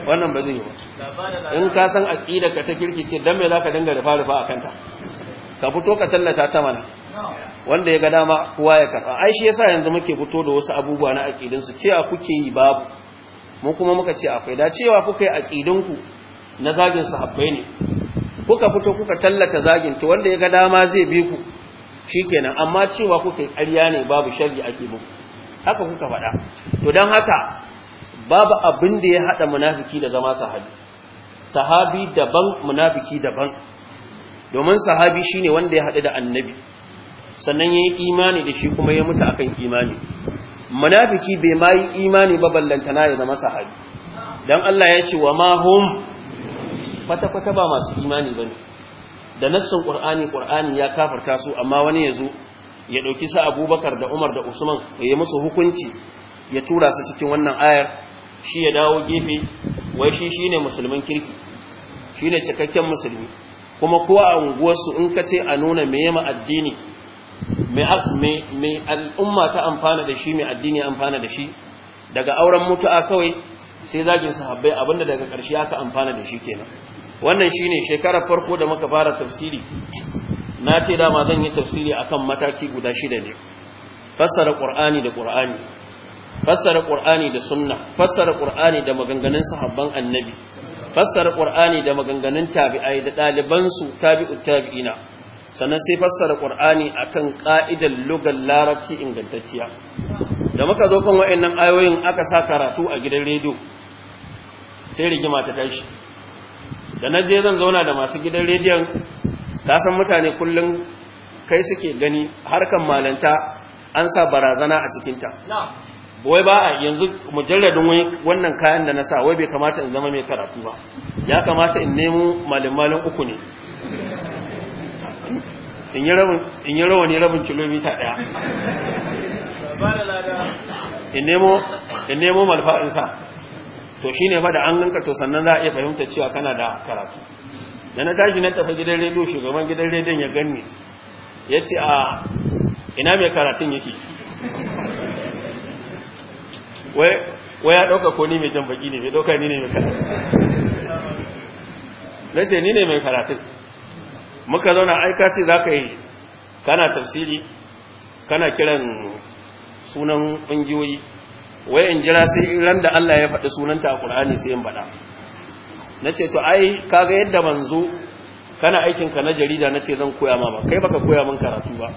A: wannan ba zai yi ba in ka san aqidar ka ta kirkice dan me zaka dinga rufa rufa akan ta ka fito ka tallata ta mana wanda ya ga dama kowa ya karɓa ai shi yasa yanzu muke fito da wasu abubuwa na aƙidin su cewa kuke yi babu mu kuma muka ce akwai da cewa kuka yi aƙidin ku na zagin su habbai ne kuka fito kuka tallata zagin to wanda ya ga dama zai bi ku shikenan amma cewa kuka yi ƙarya ne babu sharri ake muku haka kuka faɗa to don haka babu abin da ya haɗa munafiki da zama sahabi sahabi daban munafiki daban domin sahabi shine wanda ya haɗu da annabi sannan ya yi imani da shi kuma ya mutu akan imani Munafuki bai ma yi imani ba ballantana ya zama sahabi dan Allah ya ce wa ma kwata kwata ba masu imani ba ne. da nassun ƙur'ani, ƙur'ani ya kafarta su amma wani ya zo ya ɗauki sa Abubakar da Umar da Usman ya musu hukunci ya tura su cikin wannan ayar shi ya dawo gefe wai shi shine musulmin kirki shi ne cikakken musulmi kuma kowa a unguwarsu in ka ce a nuna meye ma addini mai al'umma ta amfana da shi mai addini amfana da shi daga auren mutu'a kawai sai zagin sahabbai abinda daga ƙarshe aka amfana da shi kenan wannan shi ne shekarar farko da muka fara tafsiri na ce dama zan yi tafsiri a kan mataki guda shida ne fassara ƙur'ani da ƙur'ani, fassara ƙur'ani da sunna fassara ƙur'ani da maganganun sahabban annabi fassara ƙur'ani da maganganun tabi'ai da ɗalibansu tabi'u tabi'ina sannan sai fassara a kan ka'idar lugar larabci ingantacciya da muka zo kan wayannan ayoyin aka sa karatu a gidan rediyo sai rigima ta tashi da na je zan zauna da masu gidan rediyon ta san mutane kullum kai suke gani harkan malanta an sa barazana a cikinta wai ba a yanzu mujalladin wannan kayan da na sa wai bai kamata in zama mai karatu ba ya kamata in nemo malin-malin uku ne in yi rabin in rawani rabin kilomita ɗaya in nemo in nemo malfa in sa to fa da an ganka to sannan za a iya fahimta cewa kana da karatu da na tashi na tafi gidan rediyo shugaban gidan rediyon ya ganni ya ce a ina mai karatun yake wai ya ɗauka ko ni mai jan baki ne mai ɗauka ni ne mai karatun na ce ni ne mai karatun muka zauna aika ce za ka yi kana tafsiri kana kiran sunan ƙungiyoyi wai in jira sai iran da Allah ya faɗi sunanta a Kur'ani sai yin baɗa. na ce to ai kaga yadda manzo kana aikinka na jarida na ce zan koya ma ba kai baka koya min karatu ba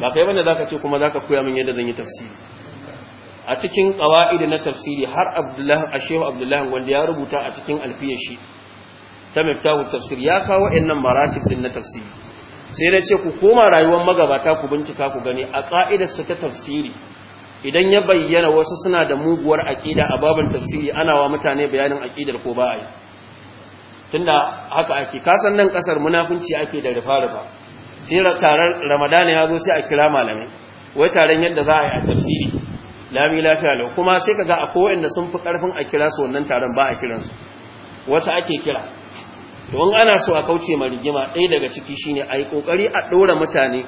A: ba kai za ka ce kuma za ka koya min yadda zan yi tafsiri a cikin ƙawa'idu na tafsiri har Abdullahi shehu Abdullahi wanda ya rubuta a cikin alfiyar shi ta miftahu tafsir ya kawo innan maratib din na tafsiri sai na ce ku koma rayuwar magabata ku bincika ku gani a ka'idar su ta tafsiri idan ya bayyana wasu suna da muguwar aqida a baban tafsiri ana wa mutane bayanin aqidar ko ba a yi tunda haka ake kasan nan kasar munafunci ake da rufa rufa sai tarar ramadana ya zo sai a kira malamai wai taron yadda za a yi a tafsiri lami lafiya lau kuma sai kaga a kowanne sun fi karfin a kira su wannan taron ba a kiransu wasu ake kira don ana so a kauce ma rigima ɗaya daga ciki shine a yi ƙoƙari a ɗora mutane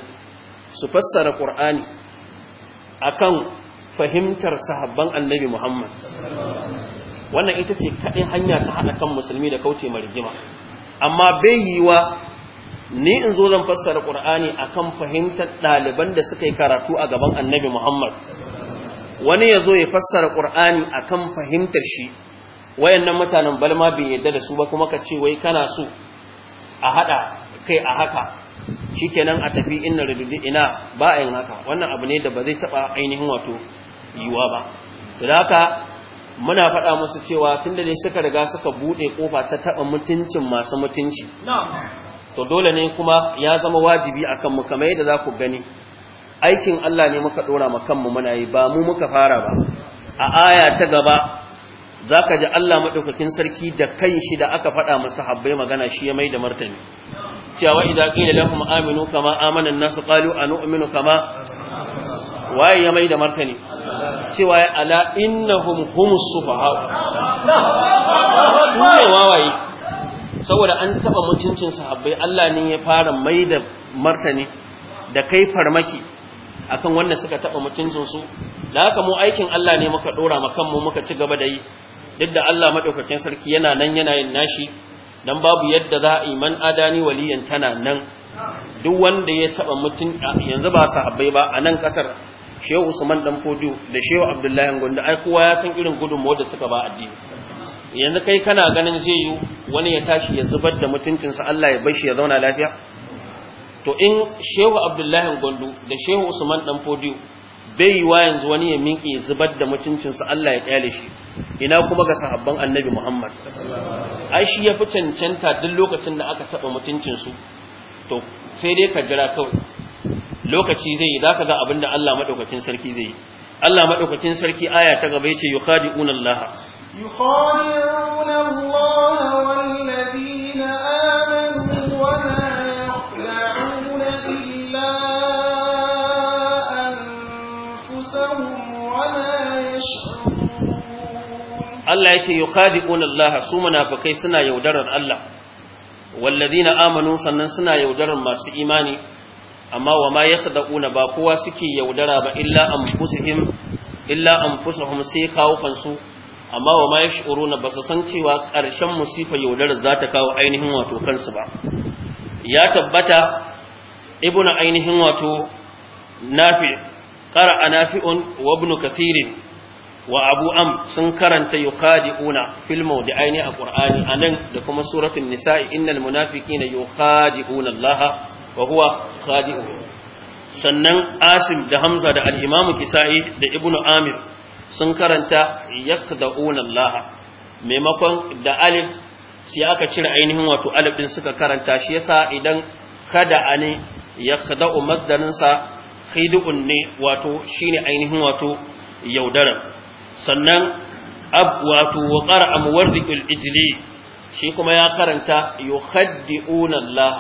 A: su fassara ƙur'ani kan fahimtar sahabban annabi muhammad wannan ita ce kaɗai hanya ta haɗa kan musulmi da kauce ma rigima amma bai yi wa ni in zo zan fassara ƙur'ani kan fahimtar ɗaliban da suka yi karatu a gaban annabi muhammad wani ya zo ya fassara ƙur'ani kan fahimtar shi wayannan mutanen balma bai yadda da su ba kuma ka ce wai kana su? a hada kai a haka shi nan a tafi inna rududu ina ba a yin haka wannan abu ne da ba zai taba ainihin wato yiwa ba Da haka muna faɗa musu cewa tun da dai suka riga suka buɗe kofa ta taba mutuncin masu mutunci to dole ne kuma ya zama wajibi akan mu kamar yadda za ku gani aikin Allah ne muka dora mu kanmu muna yi ba mu muka fara ba a aya ta gaba za ka ji Allah maɗaukakin sarki da kan shi da aka faɗa masa habbai magana shi ya mai da martani cewa idza qila lahum aminu kama amana an-nasu qalu anu'minu kama waye ya mai da martani cewa ya ala innahum humus sufaha
C: su ne wawaye
A: saboda an taɓa mutuncin sahabbai Allah ne ya fara mai da martani da kai farmaki akan wanda suka taba mutuncin su da haka mu aikin Allah ne muka dora makan mu muka ci gaba da yi duk da Allah madaukakin sarki yana nan yana yin nashi dan babu yadda za a yi man adani waliyan tana nan duk wanda ya taba mutun yanzu ba sahabbai ba a nan kasar Shehu Usman dan da Shehu Abdullahi Gondo ai kowa ya san irin gudunmu da suka ba addini yanzu kai kana ganin zai yi wani ya tashi ya zubar da mutuncinsa Allah ya bashi ya zauna lafiya to in Shehu Abdullahi Gondo da Shehu Usman dan bai wa yanzu wani ya minki ya zubar da mutuncinsa Allah ya kyale shi ina kuma ga sahabban annabi Muhammad ai shi ya fi cancanta duk lokacin da aka taɓa mutuncinsu to sai dai ka jira kawai lokaci zai yi zaka ga abin da Allah madaukakin sarki zai yi Allah madaukakin sarki aya ta gaba yace yukhadi'una Allah wal Allah ya ce yukhadi'un Allah su munafakai suna yaudarar Allah na amanu sannan suna yaudarar masu imani amma wa ma ya yakhda'una ba kowa suke yaudara ba illa an illa hun sai kawo kansu amma wa ma ya na ba su san cewa ƙarshen musifa yaudarar za ta kawo ainihin wato kansu ba ya tabbata ibnu ainihin wato nafi qara'a nafi'un wa wa abu am sun karanta yukhadi'una fil aini a qur'ani anan da kuma suratul nisa'i innal munafiqina yukhadi'una Allah wa huwa khadi'u sannan asim da hamza da al kisa'i da ibnu amir sun karanta yakhda'una Allah maimakon da alif sai aka cire ainihin wato alif din suka karanta shi yasa idan kada ani yakhda'u maddaninsa khidu'un ne wato shine ainihin wato yaudaran sannan wato wa qara'a muwarriqul ijli shi kuma ya karanta yukhaddi'una Allah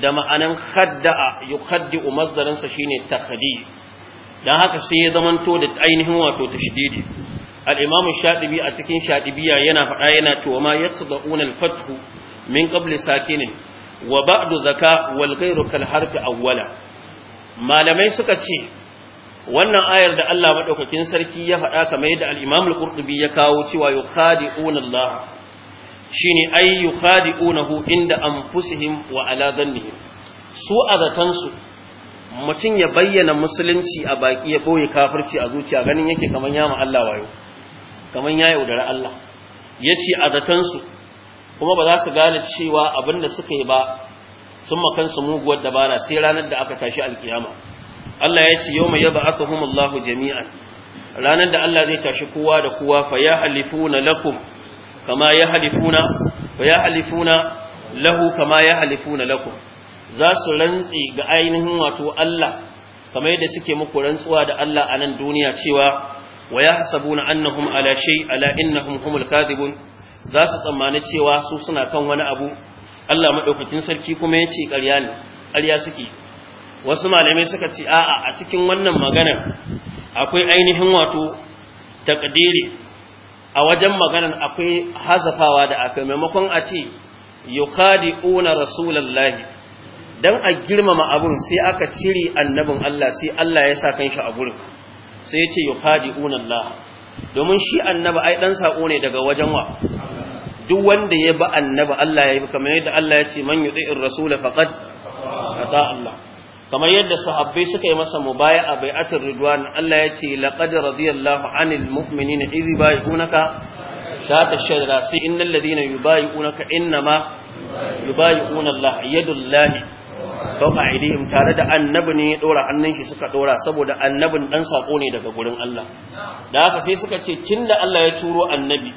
A: da ma'anan hadda'a yukhaddi'u mazdarin sa shine takhdi dan haka sai ya zamanto da ainihin wato tashdidi al-imamu shaɗibi a cikin shadibiya yana faɗa yana to ma yasda'una al-fathu min ƙabli sakinin wa ba'du zaka wal ghayru kal harfi awwala malamai suka ce wannan ayar da Allah madaukakin sarki ya faɗa kamar yadda al-Imam al-Qurtubi ya kawo cewa yukhadi'una Allah shine ay yukhadi'unahu inda anfusihim wa ala dhannihim su azatan su mutum ya bayyana musulunci a baki ya boye kafirci a zuciya ganin yake kaman ya ma Allah wayo kaman ya yaudara Allah yace azatan su kuma ba za su gane cewa abinda suka yi ba sun makansu muguwar dabara sai ranar da aka tashi alkiyama Allah ya ce yau mai yaba asahumullahu jami'an ranar da Allah zai tashi kowa da kowa fa ya halifuna lakum kama ya halifuna fa ya halifuna lahu kama ya halifuna lakum za su rantsi ga ainihin wato Allah kamar yadda suke muku rantsuwa da Allah a nan duniya cewa wa yahsabuna annahum ala shay ala innahum humul kadibun, za su tsammani cewa su suna kan wani abu Allah madaukakin sarki kuma yace ƙarya ne ƙarya suke wasu malamai suka ce a'a a cikin wannan maganar akwai ainihin wato takdiri a wajen maganar akwai hazafawa da aka maimakon a ce una, rasulullahi dan a girmama abun sai aka cire annabin Allah sai Allah ya sa kanshi a gurin sai ya ce una, Allah domin shi annabi ai dan sako ne daga wajen wa duk wanda ya ba annabi Allah ya yi kamar yadda Allah ya ce man yuti'ir rasul faqad ata Allah kamar yadda sahabbai suka yi masa mubaya a bai'atul ridwan Allah ya ce laqad radiyallahu anil mu'minina idh yubayyi'unaka tata shajara sai innal ladina yubayyi'unaka innama yubayyi'una Allah yadullahi fawqa aydihim tare da annabi ne ya dora hannun shi suka dora saboda annabin dan sako ne daga gurin Allah da haka sai suka ce tunda Allah ya turo annabi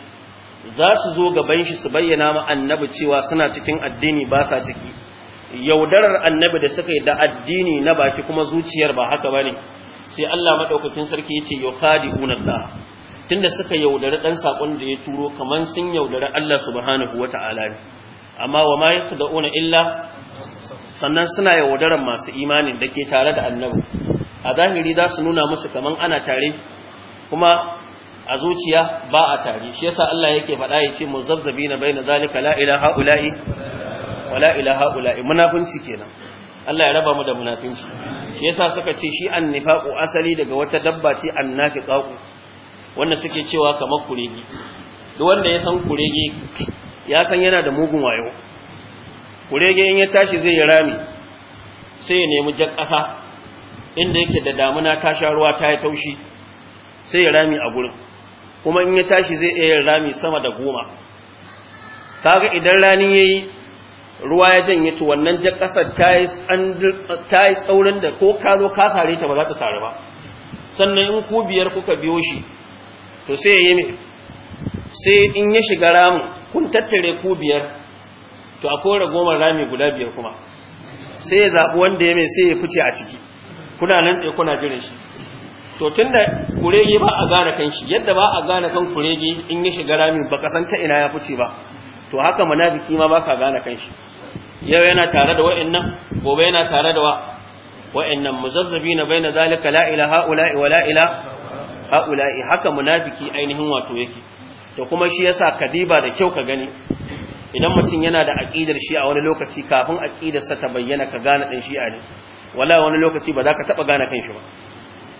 A: za su zo gaban shi su bayyana ma annabi cewa suna cikin addini ba sa ciki yaudarar annabi da suka yi da addini na baki kuma zuciyar ba haka ba ne, sai Allah madaukakin sarki yace kadi Allah tunda suka yaudari ɗan sakon da ya turo kaman sun yaudari Allah subhanahu wata'ala ne amma wa ma una illa sannan suna yaudaran masu imanin da ke tare da annabi a zahiri za su nuna musu kaman ana tare kuma a zuciya ba a tare shi yasa Allah yake faɗa ya ce mu yace muzabzabina baina zalika la ilaha ula'i wala ila ula'i munafinci kenan Allah ya raba mu da munafinci shi yasa suka ce shi annifaqu asali daga wata dabba ce annafiqaqu wanda suke cewa kamar kuregi duk wanda ya san kuregi ya san yana da mugun wayo kurege in ya tashi zai yi rami sai ya nemi jan ƙasa inda yake da damuna ta sha ruwa ta yi taushi sai ya rami a gurin kuma in ya tashi zai iya rami sama da goma kaga idan rani yayi ruwa ya janye to wannan jar ƙasar ta yi tsaurin da ko ka zo ka sare ta ba za ta sare ba sannan in ku biyar kuka biyo shi to sai ya yi sai in ya shiga ramu kun tattare ku biyar to a akwai goma rami guda biyar kuma sai ya zaɓi wanda ya mai sai ya fice a ciki kuna nan ɗaya kuna jirin shi to tun da kurege ba a gane kan shi yadda ba a gane kan kurege in ya shiga rami ba kasan ta ina ya fice ba to haka munafiki ma baka gane kanshi yau yana tare da wa'annan gobe yana tare da wa'annan muzazzabina baina zalika la ilaha ula'i wa la ilaha ha'ula'i haka munafiki ainihin wato yake to kuma shi yasa kadiba da kyau ka gani idan mutum yana da aqidar shi a wani lokaci kafin sa ta bayyana ka gane din shi a ne wala wani lokaci ba za ka taba gane kanshi ba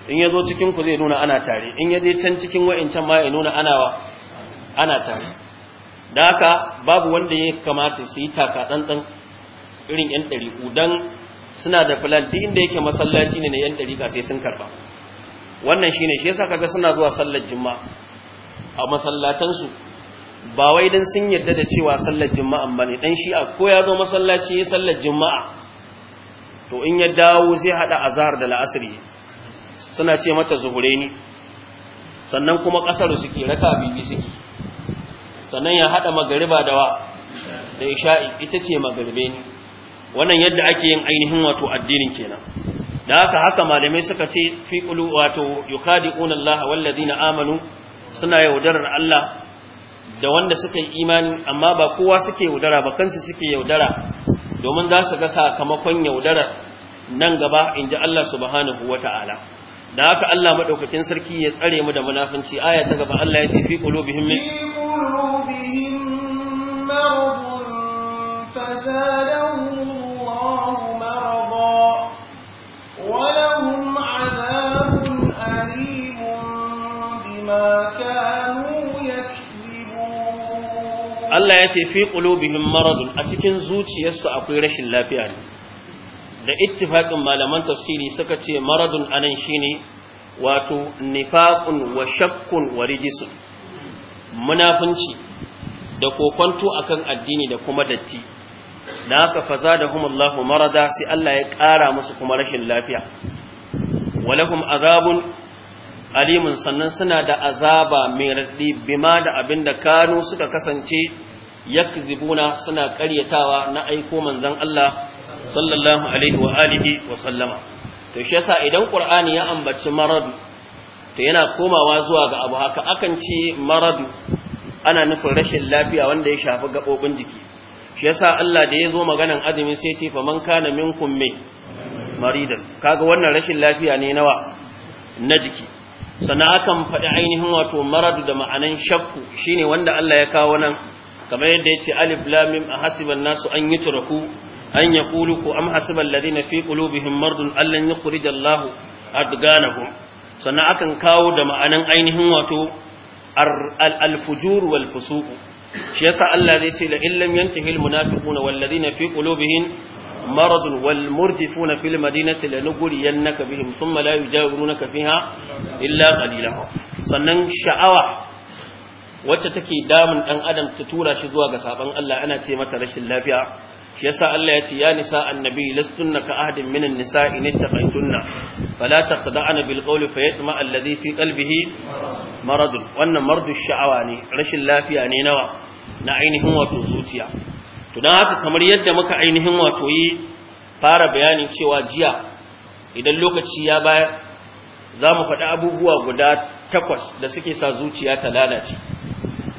A: in ya zo cikin ku zai nuna ana tare in ya je can cikin wa'incan ma ya nuna ana ana tare da haka babu wanda ya kamata su yi taka ɗanɗan irin 'yan ɗari don suna da filan duk inda yake masallaci ne na 'yan ka sai sun karɓa wannan shine shi yasa kaga suna zuwa sallar jima a masallatansu ba wai dan sun yadda da cewa sallar juma'an bane dan a ko ya zo masallaci ya sallar juma'a to in ya dawo zai haɗa a zahar da la'asri suna ce mata zuhure ni sannan kuma ƙasar suke raka bibi suke sannan ya haɗa magariba da wa da isha'i ita ce magaribe ne wannan yadda ake yin ainihin wato addinin kenan da haka haka malamai suka ce fi qulu wato yukhadi'una Allah wal ladina amanu suna yaudarar Allah da wanda suka yi imani amma ba kowa suke yaudara ba kansu suke yaudara domin za su ga sakamakon yaudarar nan gaba inda Allah subhanahu wata'ala da haka Allah madaukakin sarki ya tsare mu da munafinci aya ta gaba Allah ya ce fi qulubihim min
B: qulubihim maradun fazadahum Allahu marada wa lahum adhabun alim bima kanu yakzibun
A: Allah ya ce fi qulubihim maradun a cikin zuciyarsu akwai rashin lafiya ne da ittifaqin malaman tafsiri suka ce maradun anan shine wato nifaqun wa shakkun wa rijisun munafunci da kokonto akan addini da kuma datti da haka fazadahum marada sai Allah ya ƙara musu kuma rashin lafiya walahum azabun alimun sannan suna da azaba mai raddi bima da abinda kanu suka kasance yakzibuna suna ƙaryatawa na aiko manzon Allah sallallahu alaihi wa alihi wa sallama to shi yasa idan qur'ani ya ambaci maradu to yana komawa zuwa ga abu haka akan ce maradu ana nufin rashin lafiya wanda ya shafi gabobin jiki shi yasa Allah da ya zo maganan azumi sai ce fa man kana minkum mai maridan kaga wannan rashin lafiya ne nawa na jiki sana akan faɗi ainihin wato maradu da ma'anan shakku shine wanda Allah ya kawo nan kamar yadda ya ce alif lam mim ahasiban nasu an yi yutraku an yaqulu ku am hasiba alladhina fi qulubihim mardun allan yukhrijallahu adganahum sannan akan kawo da ma'anan ainihin wato al-fujur wal fusuq shi yasa Allah zai ce la illam yantahi al-munafiquna walladhina fi qulubihim maradun wal murjifuna fil madinati lanughriyannaka bihim thumma la yujawirunaka fiha illa qalila sannan sha'awa wacce take damun ɗan adam ta tura shi zuwa ga saban Allah ana ce mata rashin lafiya shi yasa Allah ya ce ya nisa annabi lastunna ka ahadin minan nisa in taqaytunna fala taqda'na bil qawli fayatma alladhi fi qalbihi marad wannan mardu sha'awa ne rashin lafiya ne nawa na ainihin wato zuciya to dan haka kamar yadda muka ainihin wato yi fara bayanin cewa jiya idan lokaci ya bayar za mu faɗi abubuwa guda takwas da suke sa zuciya ta lalace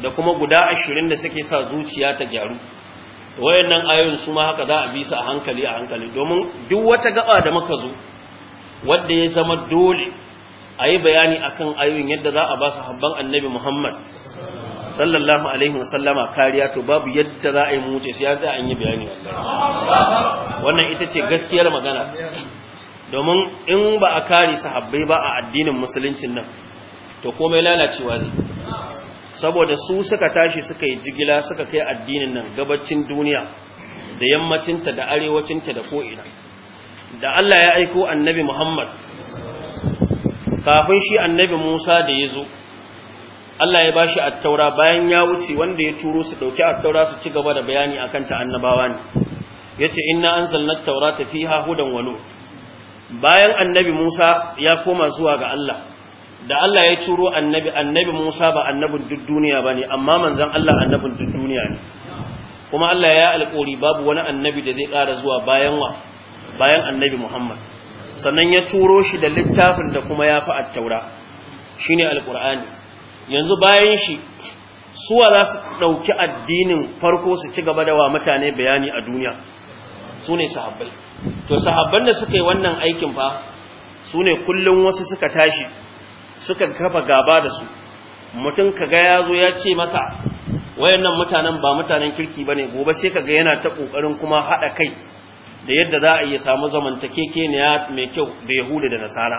A: da kuma guda ashirin da suke sa zuciya ta gyaru wayannan ayoyin su ma haka za a bi su a hankali a hankali domin duk wata gaba da muka zo wanda ya zama dole a yi bayani a kan ayoyin yadda za a ba su habban annabi Muhammad sallallahu alaihi wasallama kariya to babu yadda za a yi muce sai za an yi bayani wannan ita ce gaskiyar magana domin in ba a kare sahabbai ba a addinin musuluncin nan to komai lalacewa ne saboda su suka tashi suka yi jigila suka kai addinin nan gabacin duniya da yammacinta da arewacinta da ko'ina da Allah ya aiko annabi Muhammad kafin shi annabi Musa da ya zo Allah ya bashi attaura bayan ya wuce wanda ya turo su dauki attaura su ci gaba da bayani akan ta annabawa ne yace inna anzalna at-taurata fiha hudan wa nur bayan annabi Musa ya koma zuwa ga Allah da Allah ya turo annabi annabi Musa ba annabin duk duniya bane amma manzon Allah annabin duk duniya ne kuma Allah ya alƙori babu wani annabi da zai ƙara zuwa bayan wa bayan annabi Muhammad sannan ya turo shi da littafin da kuma ya fi attaura shine alƙur'ani yanzu bayan shi suwa za su ɗauki addinin farko su ci gaba da wa mutane bayani a duniya su ne sahabbai to sahabban da suka yi wannan aikin fa su ne kullum wasu suka tashi sukan kafa gaba da su mutum kaga ya zo ya ce maka wayannan mutanen ba mutanen kirki bane gobe sai kaga yana ta kokarin kuma hada kai da yadda za a iya samu ya mai kyau da yahuda da nasara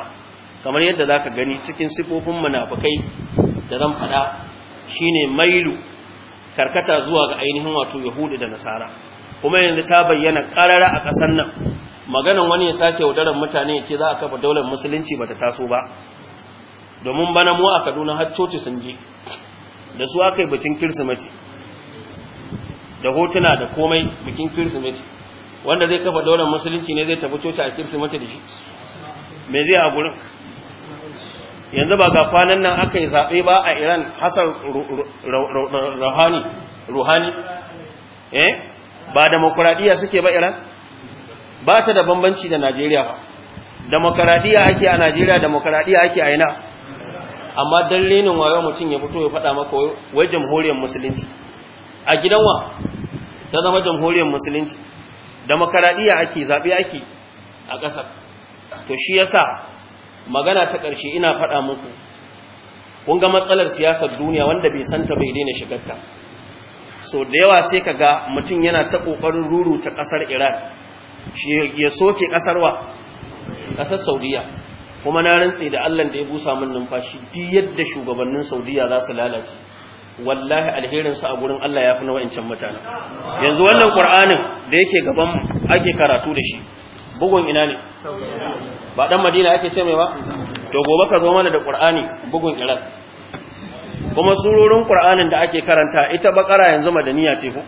A: kamar yadda zaka gani cikin sifofin munafikai da zan fada shine mailu karkata zuwa ga ainihin wato yahuda da nasara kuma yanzu ta bayyana karara a ƙasar nan maganan wani ya sake yaudarar mutane ya ce za a kafa daular musulunci ba ta taso ba domin bana mu a kaduna har coci sun je da su aka yi bikin kirsimeti da hotuna da komai bikin kirsimeti wanda zai kafa daular musulunci ne zai tafi coci a kirsimeti da shi me zai a gurin yanzu ba ga kwanan nan aka yi zaɓe ba a iran hassan ruhani ruhani eh ba demokuraɗiyya suke ba iran ba ta da bambanci da najeriya ba demokuraɗiyya ake a najeriya demokuraɗiyya ake a ina amma dan renin wayo mutum ya fito ya faɗa maka wai jamhuriyar musulunci a gidan wa ta zama jamhuriyar musulunci makaradiya ake zaɓe ake a ƙasar to shi yasa magana ta ƙarshe ina faɗa muku kun ga matsalar siyasar duniya wanda bai santa bai daina shigarta so da yawa sai ka ga mutum yana ta ƙoƙarin ruru ta ƙasar iran shi ya soke ƙasar wa ƙasar saudiya kuma na rantse da Allah da ya busa min numfashi duk yadda shugabannin Saudiya za su lalace wallahi alherin su a gurin Allah yafi fi na wa'ancan mutane yanzu wannan Qur'anin da yake gaban mu ake karatu da shi bugun ina ne ba dan Madina ake ce mai ba to gobe ka zo mana da Qur'ani bugun Iraq kuma surorin Qur'anin da ake karanta ita bakara yanzu madaniya ce ko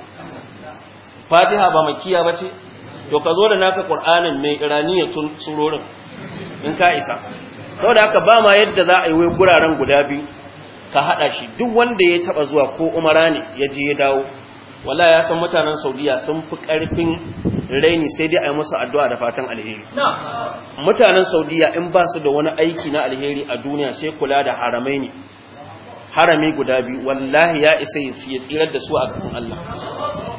A: Fatiha ba makiya bace to ka zo da naka Qur'anin mai iraniya tun surorin in ka isa saboda haka ba ma yadda za a yi wai guraren guda biyu ka haɗa shi duk wanda ya taɓa zuwa ko umara ne ya je ya dawo wala ya san mutanen saudiya sun fi ƙarfin raini sai dai a yi musu addu'a da fatan alheri mutanen saudiya in ba su da wani aiki na alheri a duniya sai kula da haramai ne harami guda biyu wallahi ya isa ya tsirar da su a gaban Allah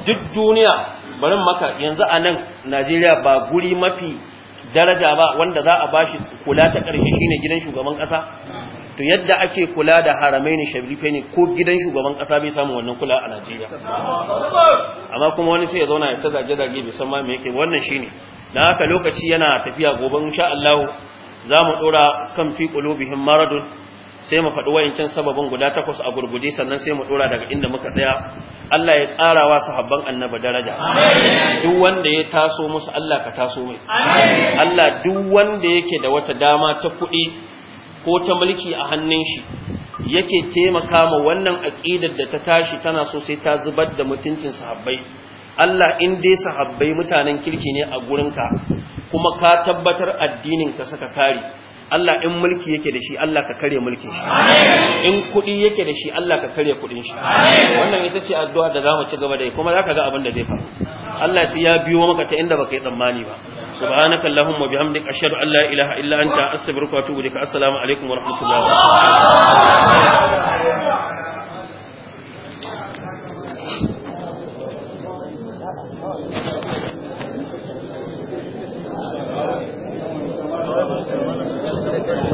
A: duk duniya barin maka yanzu a nan najeriya ba guri mafi daraja ba wanda za a bashi kula ta ƙarshe shine gidan shugaban ƙasa to yadda ake kula da haramai ne sharife ne ko gidan shugaban ƙasa bai samu wannan kula a Najeriya amma kuma wani sai ya zauna ya tsaga jadage bai san ma me yake wannan shine dan haka lokaci yana tafiya gobe insha Allah za mu dora kan fi qulubihim maradun sai mu faɗi wayancin sababin guda takwas a gurguje sannan sai mu ɗora daga inda muka tsaya Allah ya tsara wa sahabban annaba daraja duk wanda ya taso musu Allah ka taso mai Allah duk wanda yake da wata dama ta kuɗi ko ta mulki a hannun shi yake taimaka ma wannan aqidar da ta tashi tana so sai ta zubar da mutuncin sahabbai Allah in dai sahabbai mutanen kirki ne a gurinka kuma ka tabbatar addinin ka saka kare Allah in mulki yake da shi Allah ka kare mulkin shi in kuɗi yake da shi Allah ka kare kuɗin shi wannan ita ce addu'a da zamu ci gaba da kuma zaka ga abin da zai faru Allah sai ya biyo maka ta inda baka yi tsammani ba subhanaka allahumma bihamdika ashhadu an la ilaha illa anta astaghfiruka wa atubu ilaik assalamu alaikum wa rahmatullahi
C: wa barakatuh